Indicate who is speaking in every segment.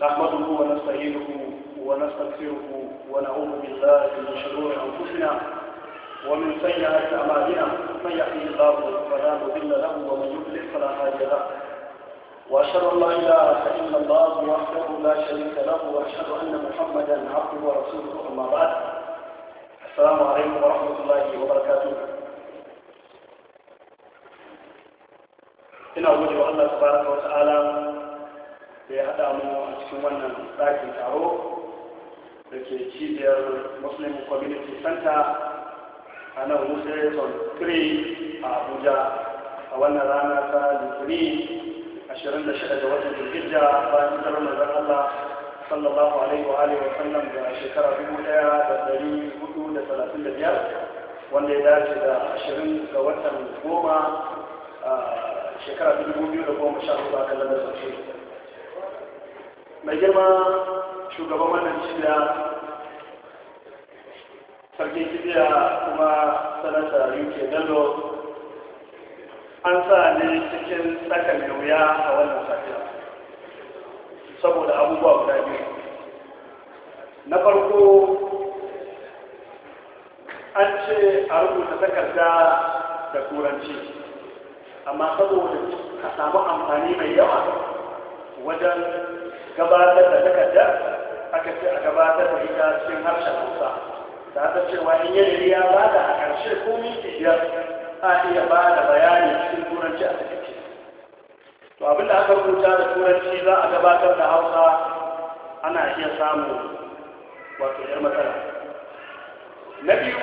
Speaker 1: نحمده ونستعينه ونستغفره ونعوذ بالله من شرور انفسنا ومن سيئات اعمالنا من يهده الله فلا مضل له ومن يضلل فلا هادي له واشهد ان لا اله الا الله وحده لا شريك له واشهد ان محمدا عبده ورسوله اما بعد السلام عليكم ورحمه الله وبركاته ina gode wa Allah subhanahu wa ta'ala da ya haɗa mu a cikin wannan ɗakin taro da ke cibiyar muslim community center a nan wuce zone 3 a abuja a wannan rana ta litini 26 ga watan jirgija bayan tsarar manzan allah sallallahu alaihi wa alihi wa sallam da shekara 1435 wanda ya dace da 20 ga watan goma shekara 2014 kallon da sosai mai girma shugaban wannan shida sarki kibiya kuma sanata uk dallo an sa ne cikin tsaka wuya a wannan safiya saboda abubuwa guda biyu na farko an ce a rubuta takarda da turanci amma saboda a samu amfani mai yawa wajen gabatar da takarda aka ce a gabatar da ita cikin harshen hausa ta ta cewa in yanayi ya ba da a ƙarshe ko minti biyar a iya ba da bayani cikin turanci a takarci to abinda aka rubuta da turanci za a gabatar da hausa ana iya samu wato yar matsala na biyu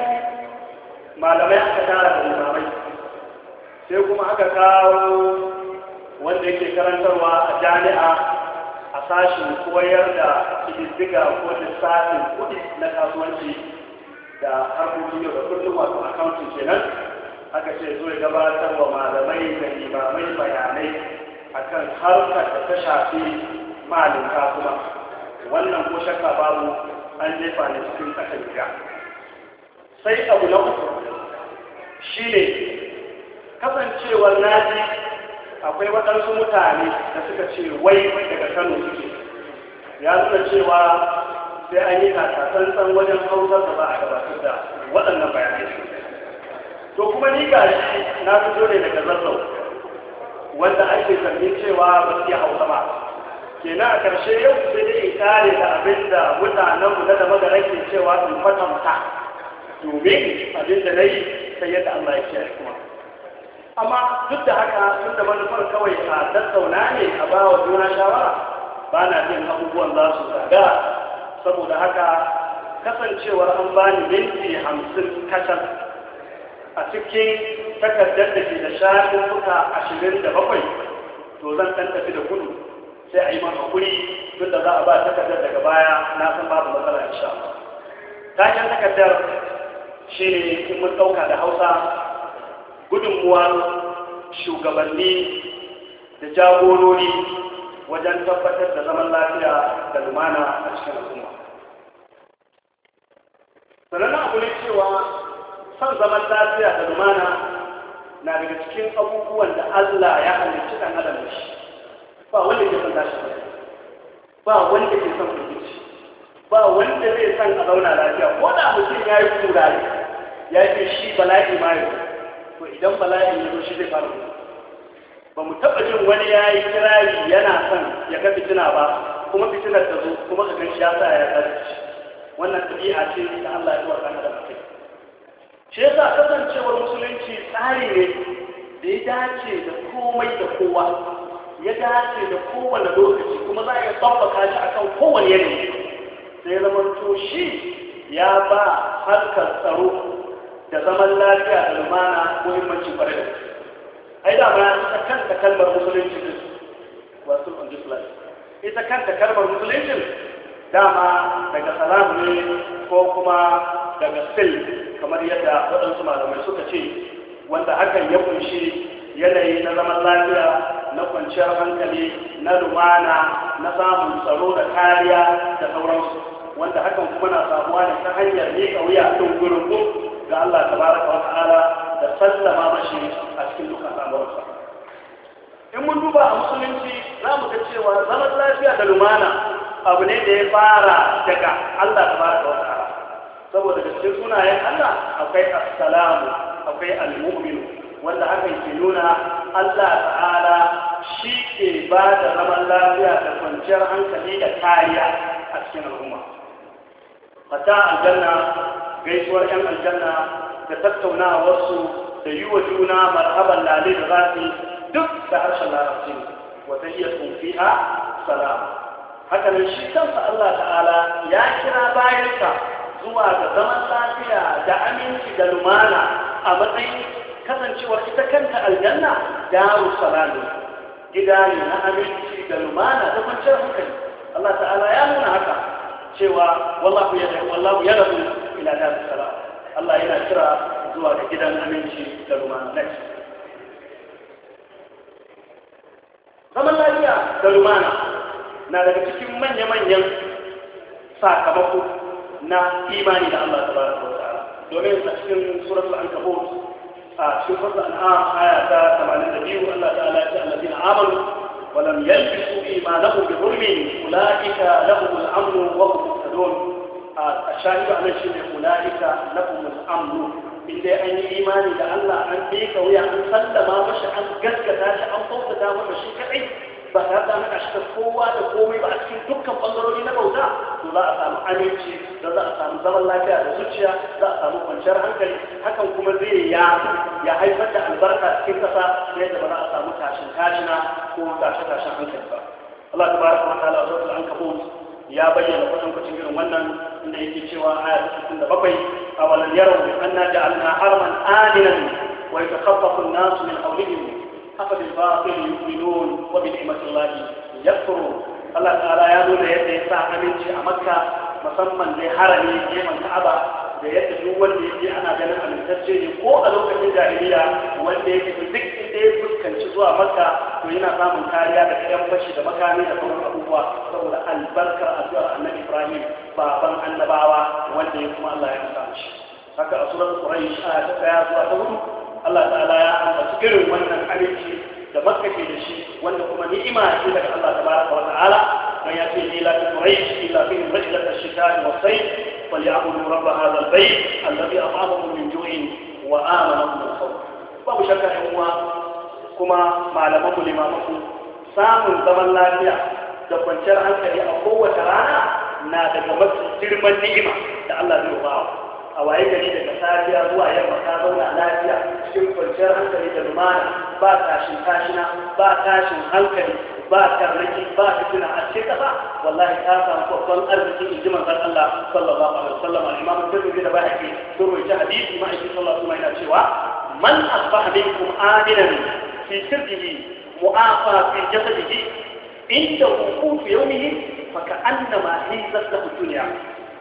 Speaker 1: malamai aka tara da limamai sai kuma aka kawo wanda yake karantarwa a jami'a a sashen koyar da kididdiga ko lissafin kuɗi na kasuwanci da harkokin yau da kullum wato accounting kenan aka ce zo ya gabatar wa malamai da limamai bayanai akan harkar da ta shafi malin kasuwa wannan ko shakka babu an jefa ne cikin tsakar gida sai abu na uku Shi ne kasancewar naji akwai waɗansu mutane da suka ce wai daga kano suke ya nuna cewa sai an yi tsantsan wajen hausar da ba a gabatar da waɗannan bayanai to kuma ni ga shi na fito ne daga zazzau wanda ake zargin cewa ba su yi hausa ba kenan a ƙarshe yau sai dai in kare da abin da mutanenmu na da magana ke cewa in kwatanta domin abin da na yi sai yadda Allah ya a kuma amma duk da haka tun da manufar kawai a tattauna ne a ba wa juna shawara ba na jin abubuwan za su zaga saboda haka kasancewar an ba ni minti hamsin kacal a cikin takardar da ke da shafin suka ashirin da bakwai to zan ɗan tafi da kudu sai a yi man hakuri duk da za a ba takardar daga baya na san babu matsala insha Allah. Takin takardar shi ne in mun ɗauka da Hausa gudunmuwa shugabanni da jagorori wajen tabbatar da zaman lafiya da lumana a cikin al'umma sannan abu ne cewa son zaman lafiya da lumana na daga cikin abubuwan da allah ya halicci ɗan adam da shi ba wanda ke son tashi ba wanda ke son firgici ba wanda zai son a zauna lafiya ko da mutum ya yi kurare ya ce shi bala'i ma yau to idan bala'i ya zo shi zai fara ba mu taɓa jin wani ya yi kirari yana son ya ga fitina ba kuma fitinar ta zo kuma ka gani ya sa ya zarci wannan biya ce ta Allah ya da mutum shi yasa kasancewar musulunci tsari ne da ya dace da komai da kowa ya dace da kowane lokaci kuma za a iya tabbaka shi akan kowane yanayi sai zama to shi ya ba harkar tsaro da zaman lafiya da lumana ko himmanci kwarai da ai da ma ita kanta kalmar musulunci din wasu on this life ita kanta kalmar musulunci dama daga salam ne ko kuma daga sil kamar yadda waɗansu malamai suka ce wanda hakan ya kunshi yanayi na zaman lafiya na kwanciyar hankali na lumana na samun tsaro da kariya da sauransu wanda hakan kuma na samuwa ne ta hanyar miƙa wuya ɗin gurin ga Allah tabaraka wa ta'ala da sallama mashi a cikin dukkan al'amuransa in mun duba a musulunci za mu ga cewa zaman lafiya da lumana abu ne da ya fara daga Allah tabaraka wa ta'ala saboda da cikin sunayen Allah akwai assalamu akwai almu'minu wanda hakan ke nuna Allah ta'ala shi ke ba da zaman lafiya da kwanciyar hankali da kariya a cikin al'umma fata aljanna gaisuwar 'yan aljanna da tattaunawarsu da yi wa juna marhaban lalai da zafi duk da harshen larabci wata iya a salam haka nan shi kansa Allah ta'ala ya kira bayanka zuwa ga zaman lafiya da aminci da lumana a matsayin kasancewar ita kanta aljanna daru salamu gida ne na aminci da lumana da kwanciyar hankali Allah ta'ala ya nuna haka cewa wallahu ya wallahu ya ila dar sala Allah yana kira zuwa ga gidan aminci da rumanai zaman lafiya da lumana na daga cikin manya-manyan sakamako na imani da Allah tabaraka wa ta'ala domin a cikin suratul ankabut a cikin suratul an'am aya ta 82 Allah ta'ala ya ce allazina amanu ولم يلبسوا إيمانهم بظلم أولئك لهم ulaika وهم مهتدون wa a shahidu anan shine ulaika lahumul amnu in dai an yi imani da Allah an bi wuya an sallama mashi an gaskata shi an kwamfuta maka shi kadai ba tare da haka shi da kowa da komai ba a cikin dukkan bangarori na bauta to za a samu aminci da za a samu zaman lafiya da zuciya za a samu kwanciyar hankali hakan kuma zai ya ya haifar da albarka cikin kasa da ba za a samu tashin tashina ko tashe tashin hankali ba Allah tabaraka wa ta'ala wa ta'ala an kabo ya bayyana kusan kucin irin wannan inda yake cewa aya ta 67 awalan yaraw bi anna ja'alna harman wai wa kafa kunna nasu min hawlihim afa bil batil yu'minun wa bi Ya yakfurun Allah ta'ala ya nuna yadda ya sa aminci a Makka musamman dai harami Yemen Ka'aba da yadda duk wanda yake ana ganin amintacce ne ko a lokacin jahiliya wanda yake duk inda ya fuskanci zuwa maka to yana samun kariya daga yan fashi da makami da sauran abubuwa saboda albarkar addu'ar annabi ibrahim baban annabawa wanda ya kuma allah ya amsa shi haka a surat quraish ta daya zuwa ta hudu allah ta'ala ya ambaci irin wannan aminci da makka ke da shi wanda kuma ni'ima ce daga allah tabaraka wa ta'ala dan ya ce ni la tuqraish illa fi rajlat ash-shita'i was-sayf فليعبدوا رب هذا البيت الذي أطعمهم من جوع وآمنهم من خوف فهو شكا هو كما معلمه لمامه سام الزمن لا يا دفن شرعا كلي أقوة رانا نادى كمس سلم النعمة لألا بيقاعه أو أي جديد كسافي أبو أي مكان ولا لا يا شوف الجرح كلي تلمان باكاشن كاشنا باكاشن هلكني باكر رجي باكر كنا والله كافر فقل أرضي إجمع قال الله صلى الله عليه وسلم الإمام الترمذي رباحك سورة حديث ما يجي صلى الله عليه وسلم من أصبح منكم آمنا في سره معافى في جسده عند وقوف يومه فكأنما هيزت له الدنيا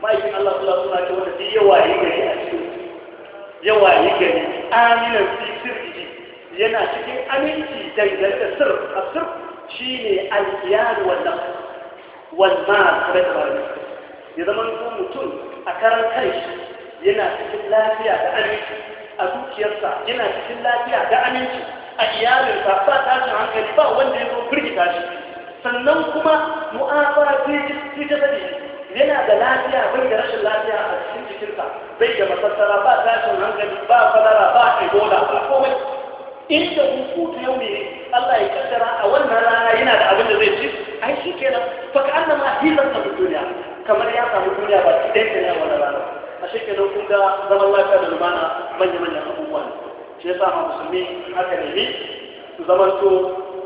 Speaker 1: ما يجي الله صلى الله عليه وسلم يواهي جري
Speaker 2: أشيك يواهي آمنا في
Speaker 1: سره yana cikin aminci dangane da sir a شيء الأيام والنقل والمال بدر الله إذا من قوم تون أكرر كريش ينا تكلا فيها دعنيش أبوك يرسى ينا تكلا فيها دعنيش أيام الفاقة تاشي عن كريبا وانجي يقول بريك تاشي سننكما مؤافرة بريك في جدري ينا دلاتيا بريك رشي اللاتيا أسين تكلا بيجا مصدر أبا تاشي عن كريبا فدر أبا إبولا أقومي إنت بفوت يومي Allah ya kaddara a wannan rana yana da abin da zai ci ai shi nan fa ka annama hilan na duniya kamar ya samu duniya ba ki dai kenan wannan rana a shi nan kun ga zaman lafiya da lumana manya manyan abubuwa ne shi sa ma musulmi aka nemi su zamanto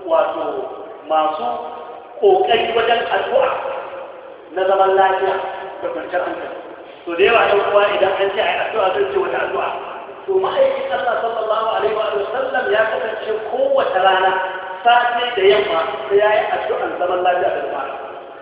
Speaker 1: wato masu kokari wajen addu'a na zaman lafiya da kwanciyar hankali to da yawa ɗan idan an ce a yi addu'a zai ce wata addu'a to ma'aikin Allah sallallahu alaihi wa sallam ya kasance kowace rana safe da yamma sai ya yi addu'an zaman lafiya da jama'a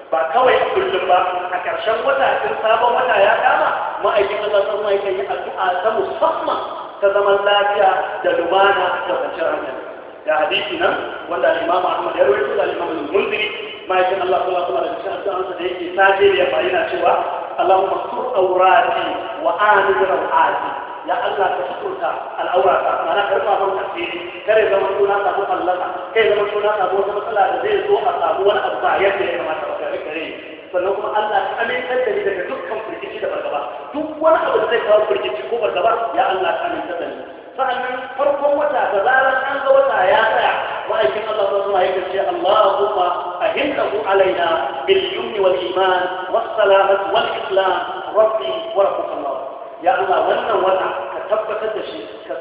Speaker 1: ba kawai a kullum ba a ƙarshen wata in sabon wata ya kama ma'aikin Allah sallallahu alaihi wa sallam ya addu'a ta musamman ta zaman lafiya da lumana da kwanciyar hankali da hadisi nan wanda Imam Ahmad ya rawaito da Imam Al-Munziri ma'aikin Allah sallallahu alaihi wa sallam da addu'ansa da yake safe da yamma yana cewa Allahumma sur awrati wa amir rawati ya Allah ka shukunta al'aurata mana karfa ban tafsiri kare zama suna samu allaka kai zama suna samu wata matsala da zai zo a samu wani abu ba yadda ya kamata ba kare kare sannan kuma Allah ka amintar da ni daga dukkan firgici da fargaba duk wani abu da zai kawo firgici ko fargaba ya Allah ka amintar da ni sa'annan farkon wata da zarar an ga wata ya tsaya ma'aikin Allah ta zuwa yake ce Allahumma ahimtahu alaina bil yumni wal iman was salamat wal islam rabbi wa rabbuka Allah ya Allah wannan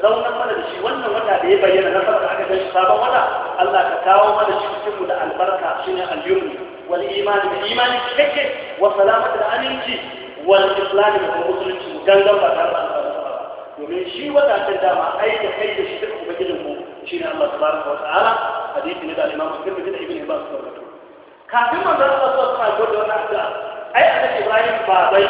Speaker 1: zaunar mana da shi wannan wata da ya bayyana na farka aka gan sabon wata Allah ka kawo mana shi cikin da albarka shine al-yumn wal iman bil iman kake wa salamatu da aminci wal islam da musulunci gangan ba tare da albarka ba domin shi wata ta dama ai da kai da shi duka ubangijin mu shine Allah tabaraka wa ta'ala hadisi ne da Imam Muslim da Ibn Hibban suka rawaito kafin manzon Allah sallallahu alaihi wasallam da wannan addu'a ai annabi Ibrahim babai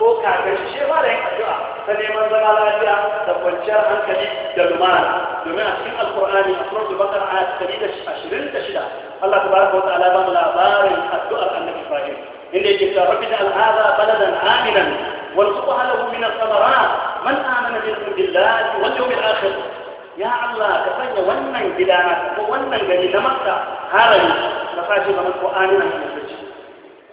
Speaker 1: ko kakan shi ba da yin addu'a سليمان زما تقول شر عن كذب دلمان دمع في القرآن أسرع بكر على سديد الشرير تشدا الله تبارك وتعالى من لا بار الحد أن إبراهيم إن جئت ربنا هذا بلدا آمنا وارزقها له من الثمرات من آمن بالله واليوم الآخر يا الله كفاية ونن بلانا ونن جدي نمتا هذا نفاجئ من القرآن أن يفجئ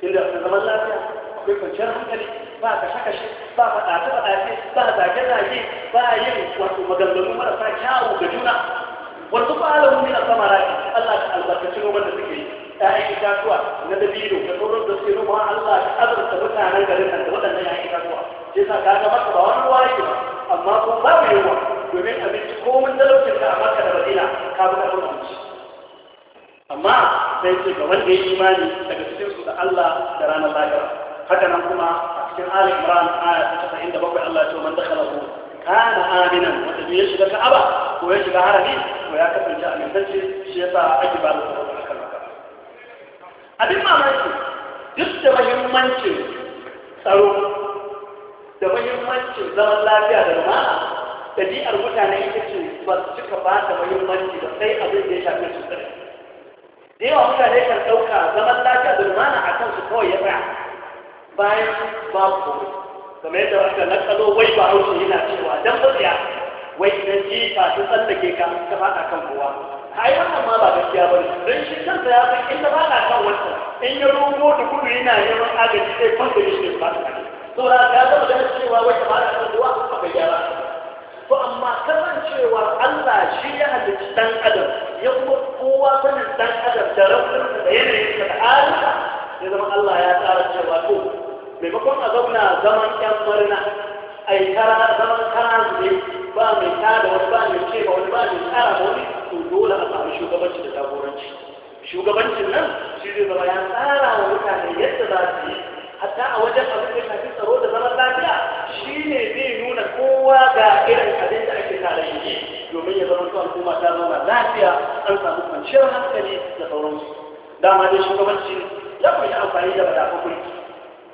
Speaker 1: إن الله تبارك وتعالى من لا بار ba ka haka shi ba faɗace faɗace ba zage zage ba yin wato maganganu marasa kyawu ga juna wasu a sama samarati Allah ta albarkaci ruwan da suke yi ƴaƴan itatuwa na dabino da sauran da suke noma Allah ta azurta mutanen garin nan da waɗannan ƴaƴan itatuwa sai sa ka ga ba wani ruwa yake ba amma ko babu yawa domin abinci komin talaucin ka a maka da madina ka bi karfin abinci amma sai ce ga wanda ya imani daga cikinsu da Allah da ranar lahira haka nan kuma cikin Ali Imran aya ta bakwai Allah ya ce man dakhalahu kana aminan wanda ya shiga Ka'aba ko ya shiga harami ko ya kasance amintacce shi yasa ake ba da tsaro akan haka abin mamaki duk da muhimmancin tsaro da muhimmancin zaman lafiya da lumana ɗabi'ar mutane ita ce ba su cika ba ta muhimmanci da sai abin da ya shafi su da yawa mutane kan ɗauka zaman lafiya da lumana a akan su kawai ya tsaya bayan babu kome kamar yadda aka nakalo wai ba hausa yana cewa dan mabiya wai idan ba su tsallake ka ta a kan kowa yi wannan ma ba gaskiya ne. dan shi kansa ya san inda ba na kan wannan in ya rungo da kudu yana neman agaji sai kwanta shi ba ta saboda ka ga magana cewa wai ta fada kan kowa ba gyara to amma kasancewar Allah shi ya halicci dan adam ya kuma kowa sanin dan adam da raunin da yanayin da ta'ala ya zama Allah ya tsara cewa to maimakon a zauna zaman yan marina a yi kara zaman kara ne ba mai tada wani ba mai ce ba wani ba mai tsara ba wani to dole a samu shugabanci da jagoranci shugabancin nan shi zai zama ya tsara wa mutane yadda za su yi hatta a wajen abin da shafi tsaro da zaman lafiya shi ne zai nuna
Speaker 2: kowa ga irin abin da ake tare
Speaker 1: shi domin ya zama su al'umma ta zauna lafiya an samu kwanciyar hankali da sauransu dama dai shugabanci ya yi amfani da madafan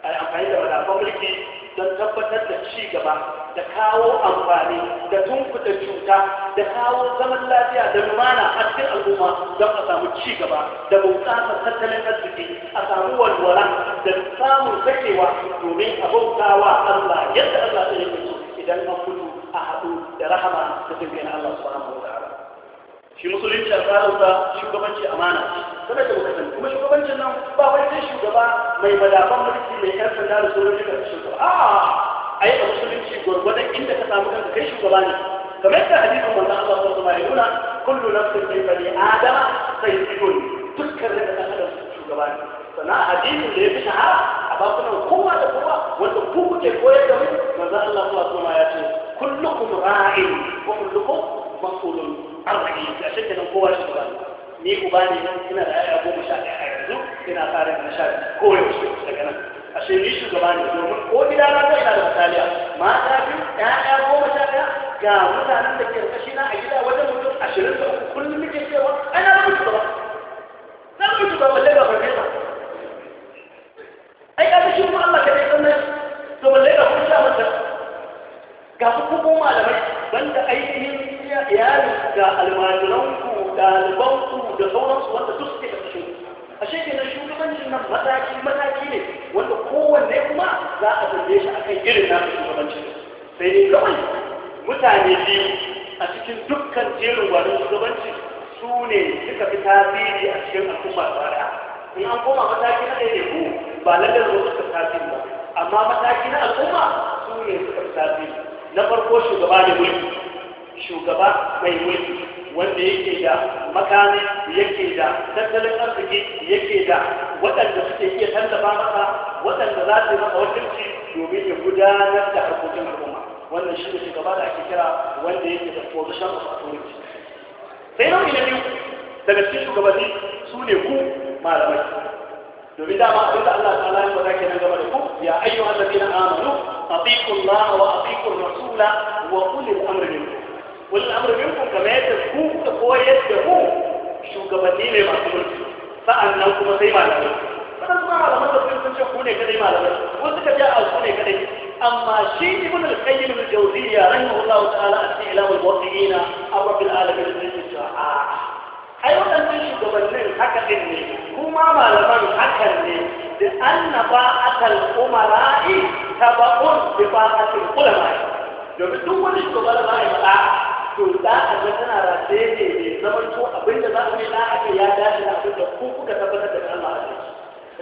Speaker 1: a amfani da madafan mulki don tabbatar da ci gaba da kawo amfani da tunkuta cuta da kawo zaman lafiya da lumana a cikin al'umma don a samu ci gaba da bunƙasa tattalin arziki a samu walwala da samun sakewa domin a bautawa Allah yadda Allah ta yi idan an fito a haɗu da rahama da dangane Allah subhanahu wa ta'ala shi musulunci a tsarinsa shugabanci amana sanar da bukatan kuma shugabancin nan ba wani sai shugaba mai madafan mulki mai yan sanda da sojoji da shi ba a ai a musulunci gwargwadon inda ka samu kanka kai shugaba ne kamar yadda hadisin manzo Allah sallallahu alaihi wasallam kullu nafsin bi bani adama sayyidun dukkan da ka da shugaba ne sana hadisin da ya fi shahara a bakunan kowa da kowa wanda ku kuke koyar da mu manzo Allah sallallahu alaihi wasallam ya ce kullukum ra'in wa kullukum mas'ulun arziki a shakka nan kowa shi ba ni uba ne nan ina da yaya goma sha ɗaya a yanzu ina fara na sha ko yaushe daga nan a shi ni shugaba ne domin ko gida na zai ina da misaliya mata biyu yaya goma sha ɗaya ga mutanen da ke kashi na a gida wajen mutum ashirin da uku kullum nake cewa ai na zama shugaba na zama shugaba sai ba farfesa aka yi irin nasu shugabanci sai dai kawai mutane biyu a cikin dukkan jerin gwanin shugabanci su ne suka fi tasiri a cikin al'umma tsara in an koma mataki na ɗaya ku ba lalle zo suka tasiri ba amma mataki na al'umma su ne suka fi tasiri na farko shugaba da mulki shugaba mai mulki wanda yake da makami yake da tattalin arziki yake da waɗanda suke iya tallafa masa waɗanda za su yi masa wakilci domin ya gudanar da harkokin al'umma wannan shi da shugaba da ake kira wanda yake da position of authority sai nau'i na biyu daga cikin shugabanni su ne ku malamai domin dama abin da Allah ta'ala ya faɗa kenan game da ku ya ayyuhan ladina amanu atiqu Allah wa atiqu rasula wa ulil al-amri minkum ulil amri minkum kamar yadda ku da koyar da ku shugabanni ne masu mulki nan kuma sai malamai waɗansu ma malaman da sun ce ku ne kadai malamai ko suka ce a ku ne kadai amma shi ibn al-qayyim al-jawziyya rahimahullahu ta'ala a cikin ilamul muwaqqi'in a rabbil alamin sun ce a ai waɗannan shugabannin haka din ne kuma malaman hakan ne da annaba atal umara'i tabaun bi ba'atil ulama domin duk wani shugaban da ya faɗa to za a ga tana rataye ne mai zaman to abinda za a yi na ake ya dace da abin da ku kuka tabbatar da Allah a ciki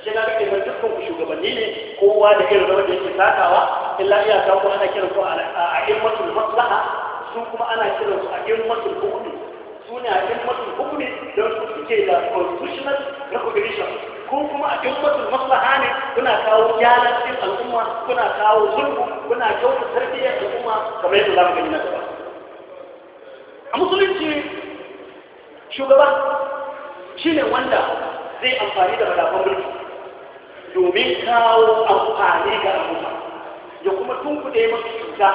Speaker 1: Sai na kake ban dukkan ku shugabanni ne kowa da irin rawar da yake takawa illa iyaka ko ana kiran ku a ilmatul maslaha su kuma ana kiran su a ilmatul hukmi su ne a ilmatul hukmi don su suke da constitutional recognition ko kuma a ilmatul maslaha ne kuna kawo gyaran cikin al'umma kuna kawo zulmu kuna kyauta tarbiyyar al'umma kamar yadda za mu gani na gaba a musulunci shugaba shine wanda zai amfani da madafan mulki domin kawo amfani ga al'umma ya kuma tunkuɗe mafi cuta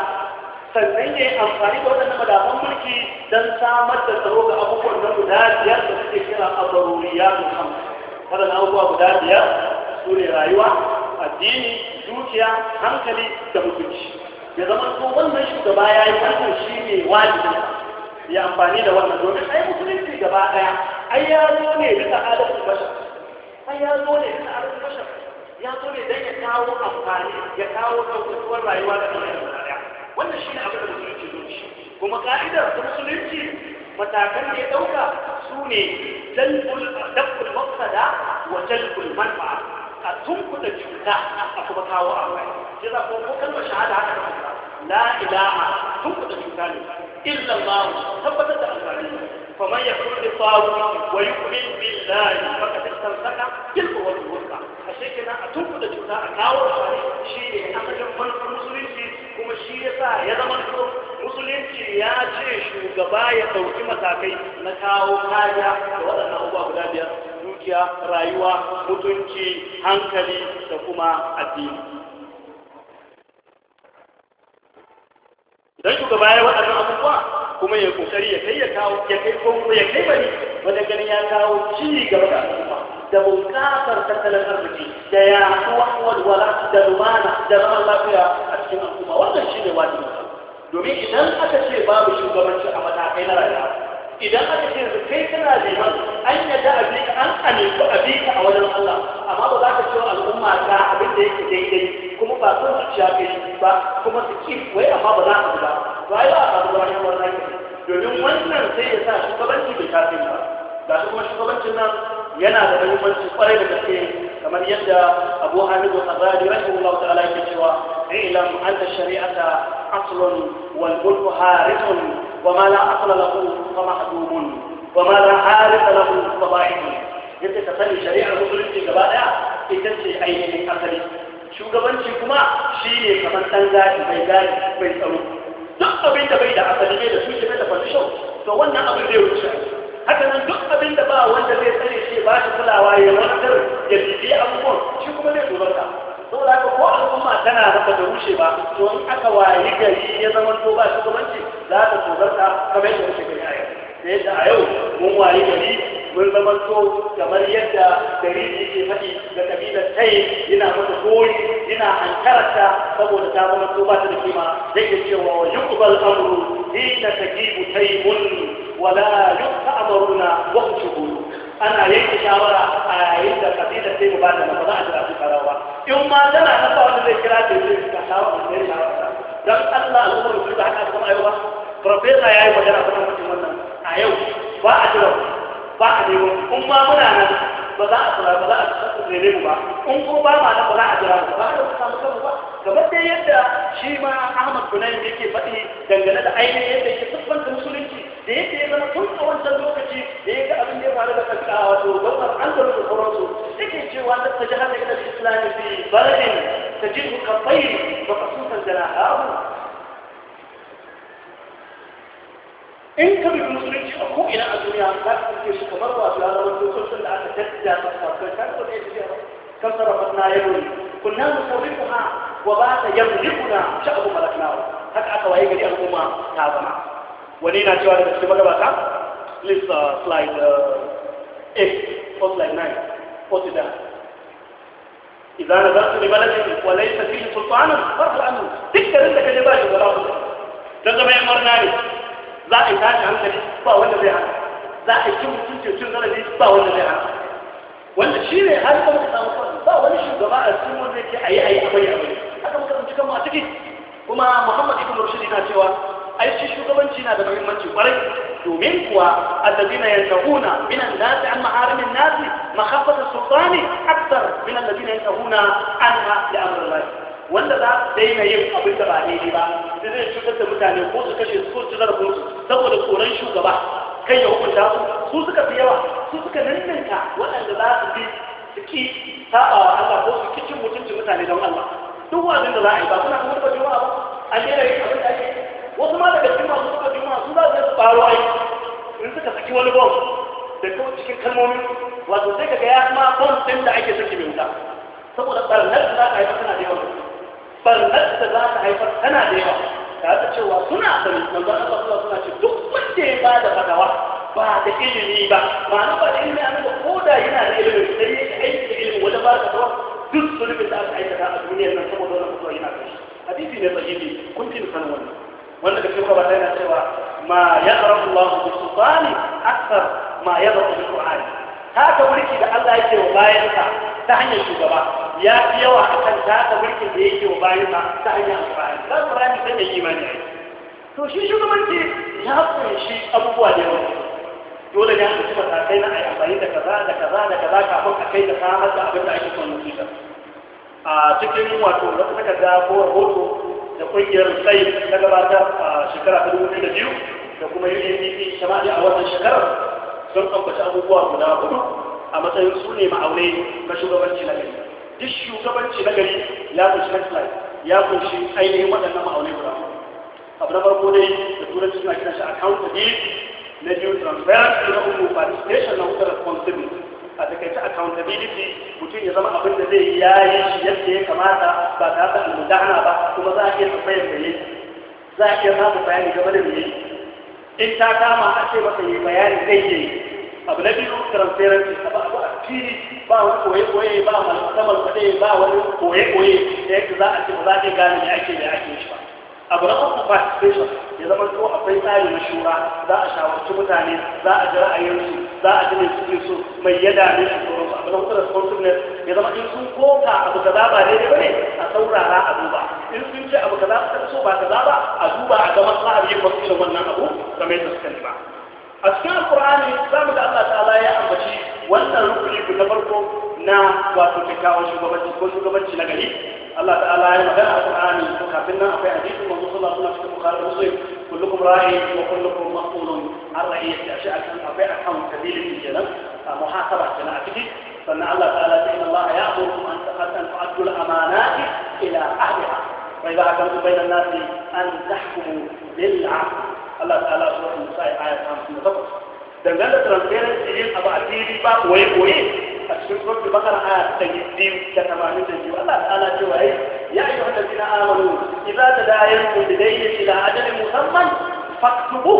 Speaker 1: sannan ya yi amfani da waɗannan madafan mulki don samar da tsaro ga abubuwan na guda biyar da suke kira a azaruriya kama. waɗannan abubuwa guda biyar su ne rayuwa addini dukiya hankali da mutunci ya zama ko wannan shugaba ya yi wannan shi ne wajibi ya amfani da wannan domin ai musulunci gaba ɗaya ai ya zo ne bisa adalcin bashar ai ya zo ne adalcin bashar ya zo ne don ya kawo amfani ya kawo ɗaukatuwar rayuwa da duniya da daya wannan shi ne abin da musulunci zo shi kuma ka'idar ta musulunci matakan da ya ɗauka su ne jalbul dabbul mafsada wa jalbul manfa'a a tunkuɗa cuta a kuma kawo amfani sai za ko kalmar shahada haka da mutum la ilaha tunkuɗa cuta ne illa Allah tabbatar da amfani فمن يكون لطاغوت ويؤمن بالله فقد استمسك بالقوة الوثقى haka shi kenan a da cuta a kawo da shi ne asalin manufar musulunci kuma shi ya sa ya zama musulunci ya ce shugaba ya ɗauki matakai na kawo kariya da waɗannan abubuwa guda biyar dukiya rayuwa mutunci hankali da kuma addini don shugaba ya waɗannan abubuwa kuma ya kokari ya kai ya kawo ya kai ko ya kai bari wajen ganin ya kawo ci gaba da al'umma da bunƙasar tattalin arziki da ya walwala da lumana da zaman lafiya a cikin al'umma wannan shi ne wajibi domin idan aka ce babu shugabanci a matakai na rayuwa idan aka ce kai kana neman an yadda a bi an amintu a bi a wajen Allah amma ba za ka ce al'umma ta abin da yake daidai kuma ba sun su shafe shi ba kuma su ki wai amma ba za ka ba to ai ba ka ba ne wannan domin wannan sai ya sa shugabanci bai shafe ba ga kuma shugabancin nan yana da muhimmanci kwarai da gaske kamar yadda Abu Hamid al-Ghazali rahimahullahu ta'ala yake cewa ilam anna shari'ata أصل والكلف حارس وما لا أصل له فمحبوب وما لا عارف له فباحث يجب تسمي شريعة مسلم في جبالها في تنسي أي من أصل شو قبل شكما شيء كمان تنزاج بيدان بيسألو دقة بيدة بيدة أصل بيدة شو شو بيدة فالشو فوانا أبو ديو الشعر حتى من دقة بيدة بقى وانت بيسألي شيء باش كل عوائي مرحبا يجب أن يكون شو قبل يجب أن يكون sau da ko al'umma tana haka da rushe ba to in aka waye gari ya zama to ba shugabanci za ta tsogarta kamar yadda rushe gari a yau da yadda a yau mun waye gari mun zama to kamar yadda gari yake faɗi ga kabilar tai yana mata goyi yana hankararta saboda ta zama to ba ta da kima zai iya cewa wa yuqbal amru hina tajibu taymun wala yuqta amruna wa qulu ana yanke shawara a yayin da da sai ba da mafi za'a a jira su karawa in ma tana nan ba wanda zai kira da zai ka shawara da zai shawara dan Allah al'ummar mutum da haka kuma ba, profesa ya yi magana kuma mutum wannan a yau ba a jira ba a nemo in ma muna nan ba za a tsara ba za a tsere mu ba in ko ba ma nan ba za a jira ba ba a samu kanmu ba kamar dai yadda shi ma Ahmad Kunayi yake faɗi dangane da ainihin yadda yake siffanta musulunci da yake zama tun a wancan lokaci da ya ga abin da ya faru da kanka wato gwamnar an da rufe sauransu yake cewa da ta jihar da ita islami fi baladin ta ji kafai ba ka sukan jana'a in ka bi musulunci a ko'ina a duniya za ka kuke shi kamar wasu ya zama dokokin da aka tattara da sabbin ta ko da ya kan sarrafa na yau ne kunna musawwiquha wa ba ta yamliquna sha'bu malakna haka aka waye gari al'umma ta zama wani na cewa daga cikin magabata please uh, slide uh, 8 ko slide 9 what is that إذا نظرت لبلد da فيه سلطان ba shi تكتر أنت don zama yin marina ne za a yi tashi hankali ba wanda zai hana za a yi mutunci cin zarafi ba wanda zai hana
Speaker 2: wanda shi ne har da
Speaker 1: muka samu kwanci ba wani shugaba a cikin wanda yake a yi a yi a bayyana haka muka tsinci kanmu a ciki kuma muhammad ibn rushdi na cewa ai shi shugabanci na da muhimmanci kwarai domin kuwa alladina yanzahuna min an-nasi an maharim an-nasi makhaffat as-sultani akthar min alladina yanzahuna anha li amri Allah wanda za daina yin abin da ba daidai ba sai zai cutar da mutane ko su kashe su ko su zarafin su saboda tsoron shugaba kai ya hukunta su su suka fi yawa su suka nanninka waɗanda za su bi su ki sa'a wa Allah ko su ki cin mutuncin mutane don Allah duk wa'azin da za a yi ba suna kuma ba jama'a ba a daina yin abin da ake wasu ma daga cikin masu suka juma su za su tsaro ai in suka saki wani bom da kawai cikin kalmomi wato sai kaga ya ma bom din da ake saki mai wuta saboda barnar da za ta haifar tana da yawa barnar da za ta haifar tana da yawa ta ta cewa suna sani manzon Allah suna ce duk wanda ya ba da fadawa ba da ilimi ba ma'ana ba da ilimi ko da yana da ilimi sai ya aiki ilimi wajen ba da fadawa duk sulubin da aka aikata a duniyar nan saboda wannan fadawa yana shi hadisi ne sahihi kun fi sanin wannan wanda kafin kuma na cewa ma ya tsara Allah su sultani aksar ma ya zama bi Ta haka mulki da Allah yake wa bayansa ta hanyar shugaba ya fi yawa akan haka mulki da yake wa bayansa ta hanyar Qur'ani dan Qur'ani sai ya imani ai to shi shugabanci ya kunshi abubuwa da yawa dole ne a ci matakai na yi amfani da kaza da kaza da kaza kafin a kai da samar da abin da ake son mutum a cikin wato wata takarda ko rahoto da ƙungiyar sai ta gabata a shekara ta dubu da biyu da kuma UNDP shamali a wannan shekarar sun ambaci abubuwa guda hudu a matsayin su ne ma'aunai na shugabanci na gari duk shugabanci na gari ya kunshi next slide ya kunshi ainihin waɗannan ma'aunai guda abu na farko dai da turanci suna kiran shi accountability na biyu transparency na uku participation na uku responsibility a takaice accountability mutum ya zama abin da zai yayi shi yadda ya kamata ba ta san mudahana ba kuma za a iya tsaye da yi za a iya samun bayani game da yi in ta kama a ce masa yi bayani kai yi abu na biyu transparency ba abu a fili ba wani koye-koye ba wani samar kwaɗe ba wani koye-koye da yadda za a ce ba za a iya gane ya ake ya ake shi ba abu na uku participation ya zama to akwai tsari na shura za a shawarci mutane za a ji ra'ayinsu za a ji mai suke so mai yada ne su ko su abin hukumar responsiveness ya zama in sun koka abu kaza ba daidai bane a saurara a duba in sun ce abu kaza suka so ba kaza ba a duba a ga maslahar yin masu wannan abu kamar yadda suka ba a cikin alkur'ani za mu ga Allah ta'ala ya ambaci wannan rukuni na farko na wato kyakkyawan shugabanci ko shugabanci na gari Allah ta'ala ya magana a Qur'ani to kafin nan akwai hadisin manzo sallallahu alaihi wasallam cikin Bukhari Muslim kullukum ra'in wa kullukum mas'ulun an ra'iyati ashi akan akwai akan kabilin kenan muhasaba kenan a cikin sannan Allah ta'ala ta inna Allah ya'murukum an tu'addu al-amanati ila ahliha wa idha hakamtum bayna an-nasi an tahkumu bil 'adl Allah ta'ala surah Nisa ayat 58 dangane da transparency din abu a fili ba koye koye a cikin suratul bakara a ɗari biyu da tamanin da biyu Allah ta'ala cewa yayi ya ayyuha allazina amanu idza tadayantum bi daynin ila ajalin musamman faktubu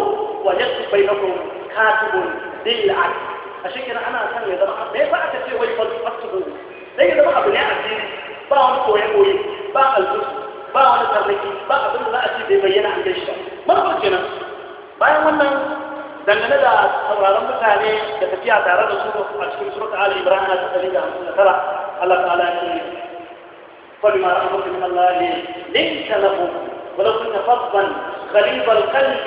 Speaker 1: wa yaktub bainakum katibun bil adl a shi kenan ana son ya zama me yasa aka ce wai faktubu dan ya zama abu ne a cikin ba wani koyi koyi ba alzuzu ba wani tarnaki ba abin da za a ce bai bayyana an gaishe ba mun kenan bayan wannan dangane da sauraron mutane da tafiya tare da su a cikin surat al imran na tsari da hamsin da tara Allah ta'ala ya ce kullu ma ra'amtu min Allah laysa lahu wa law kunta fadban qalib al-qalb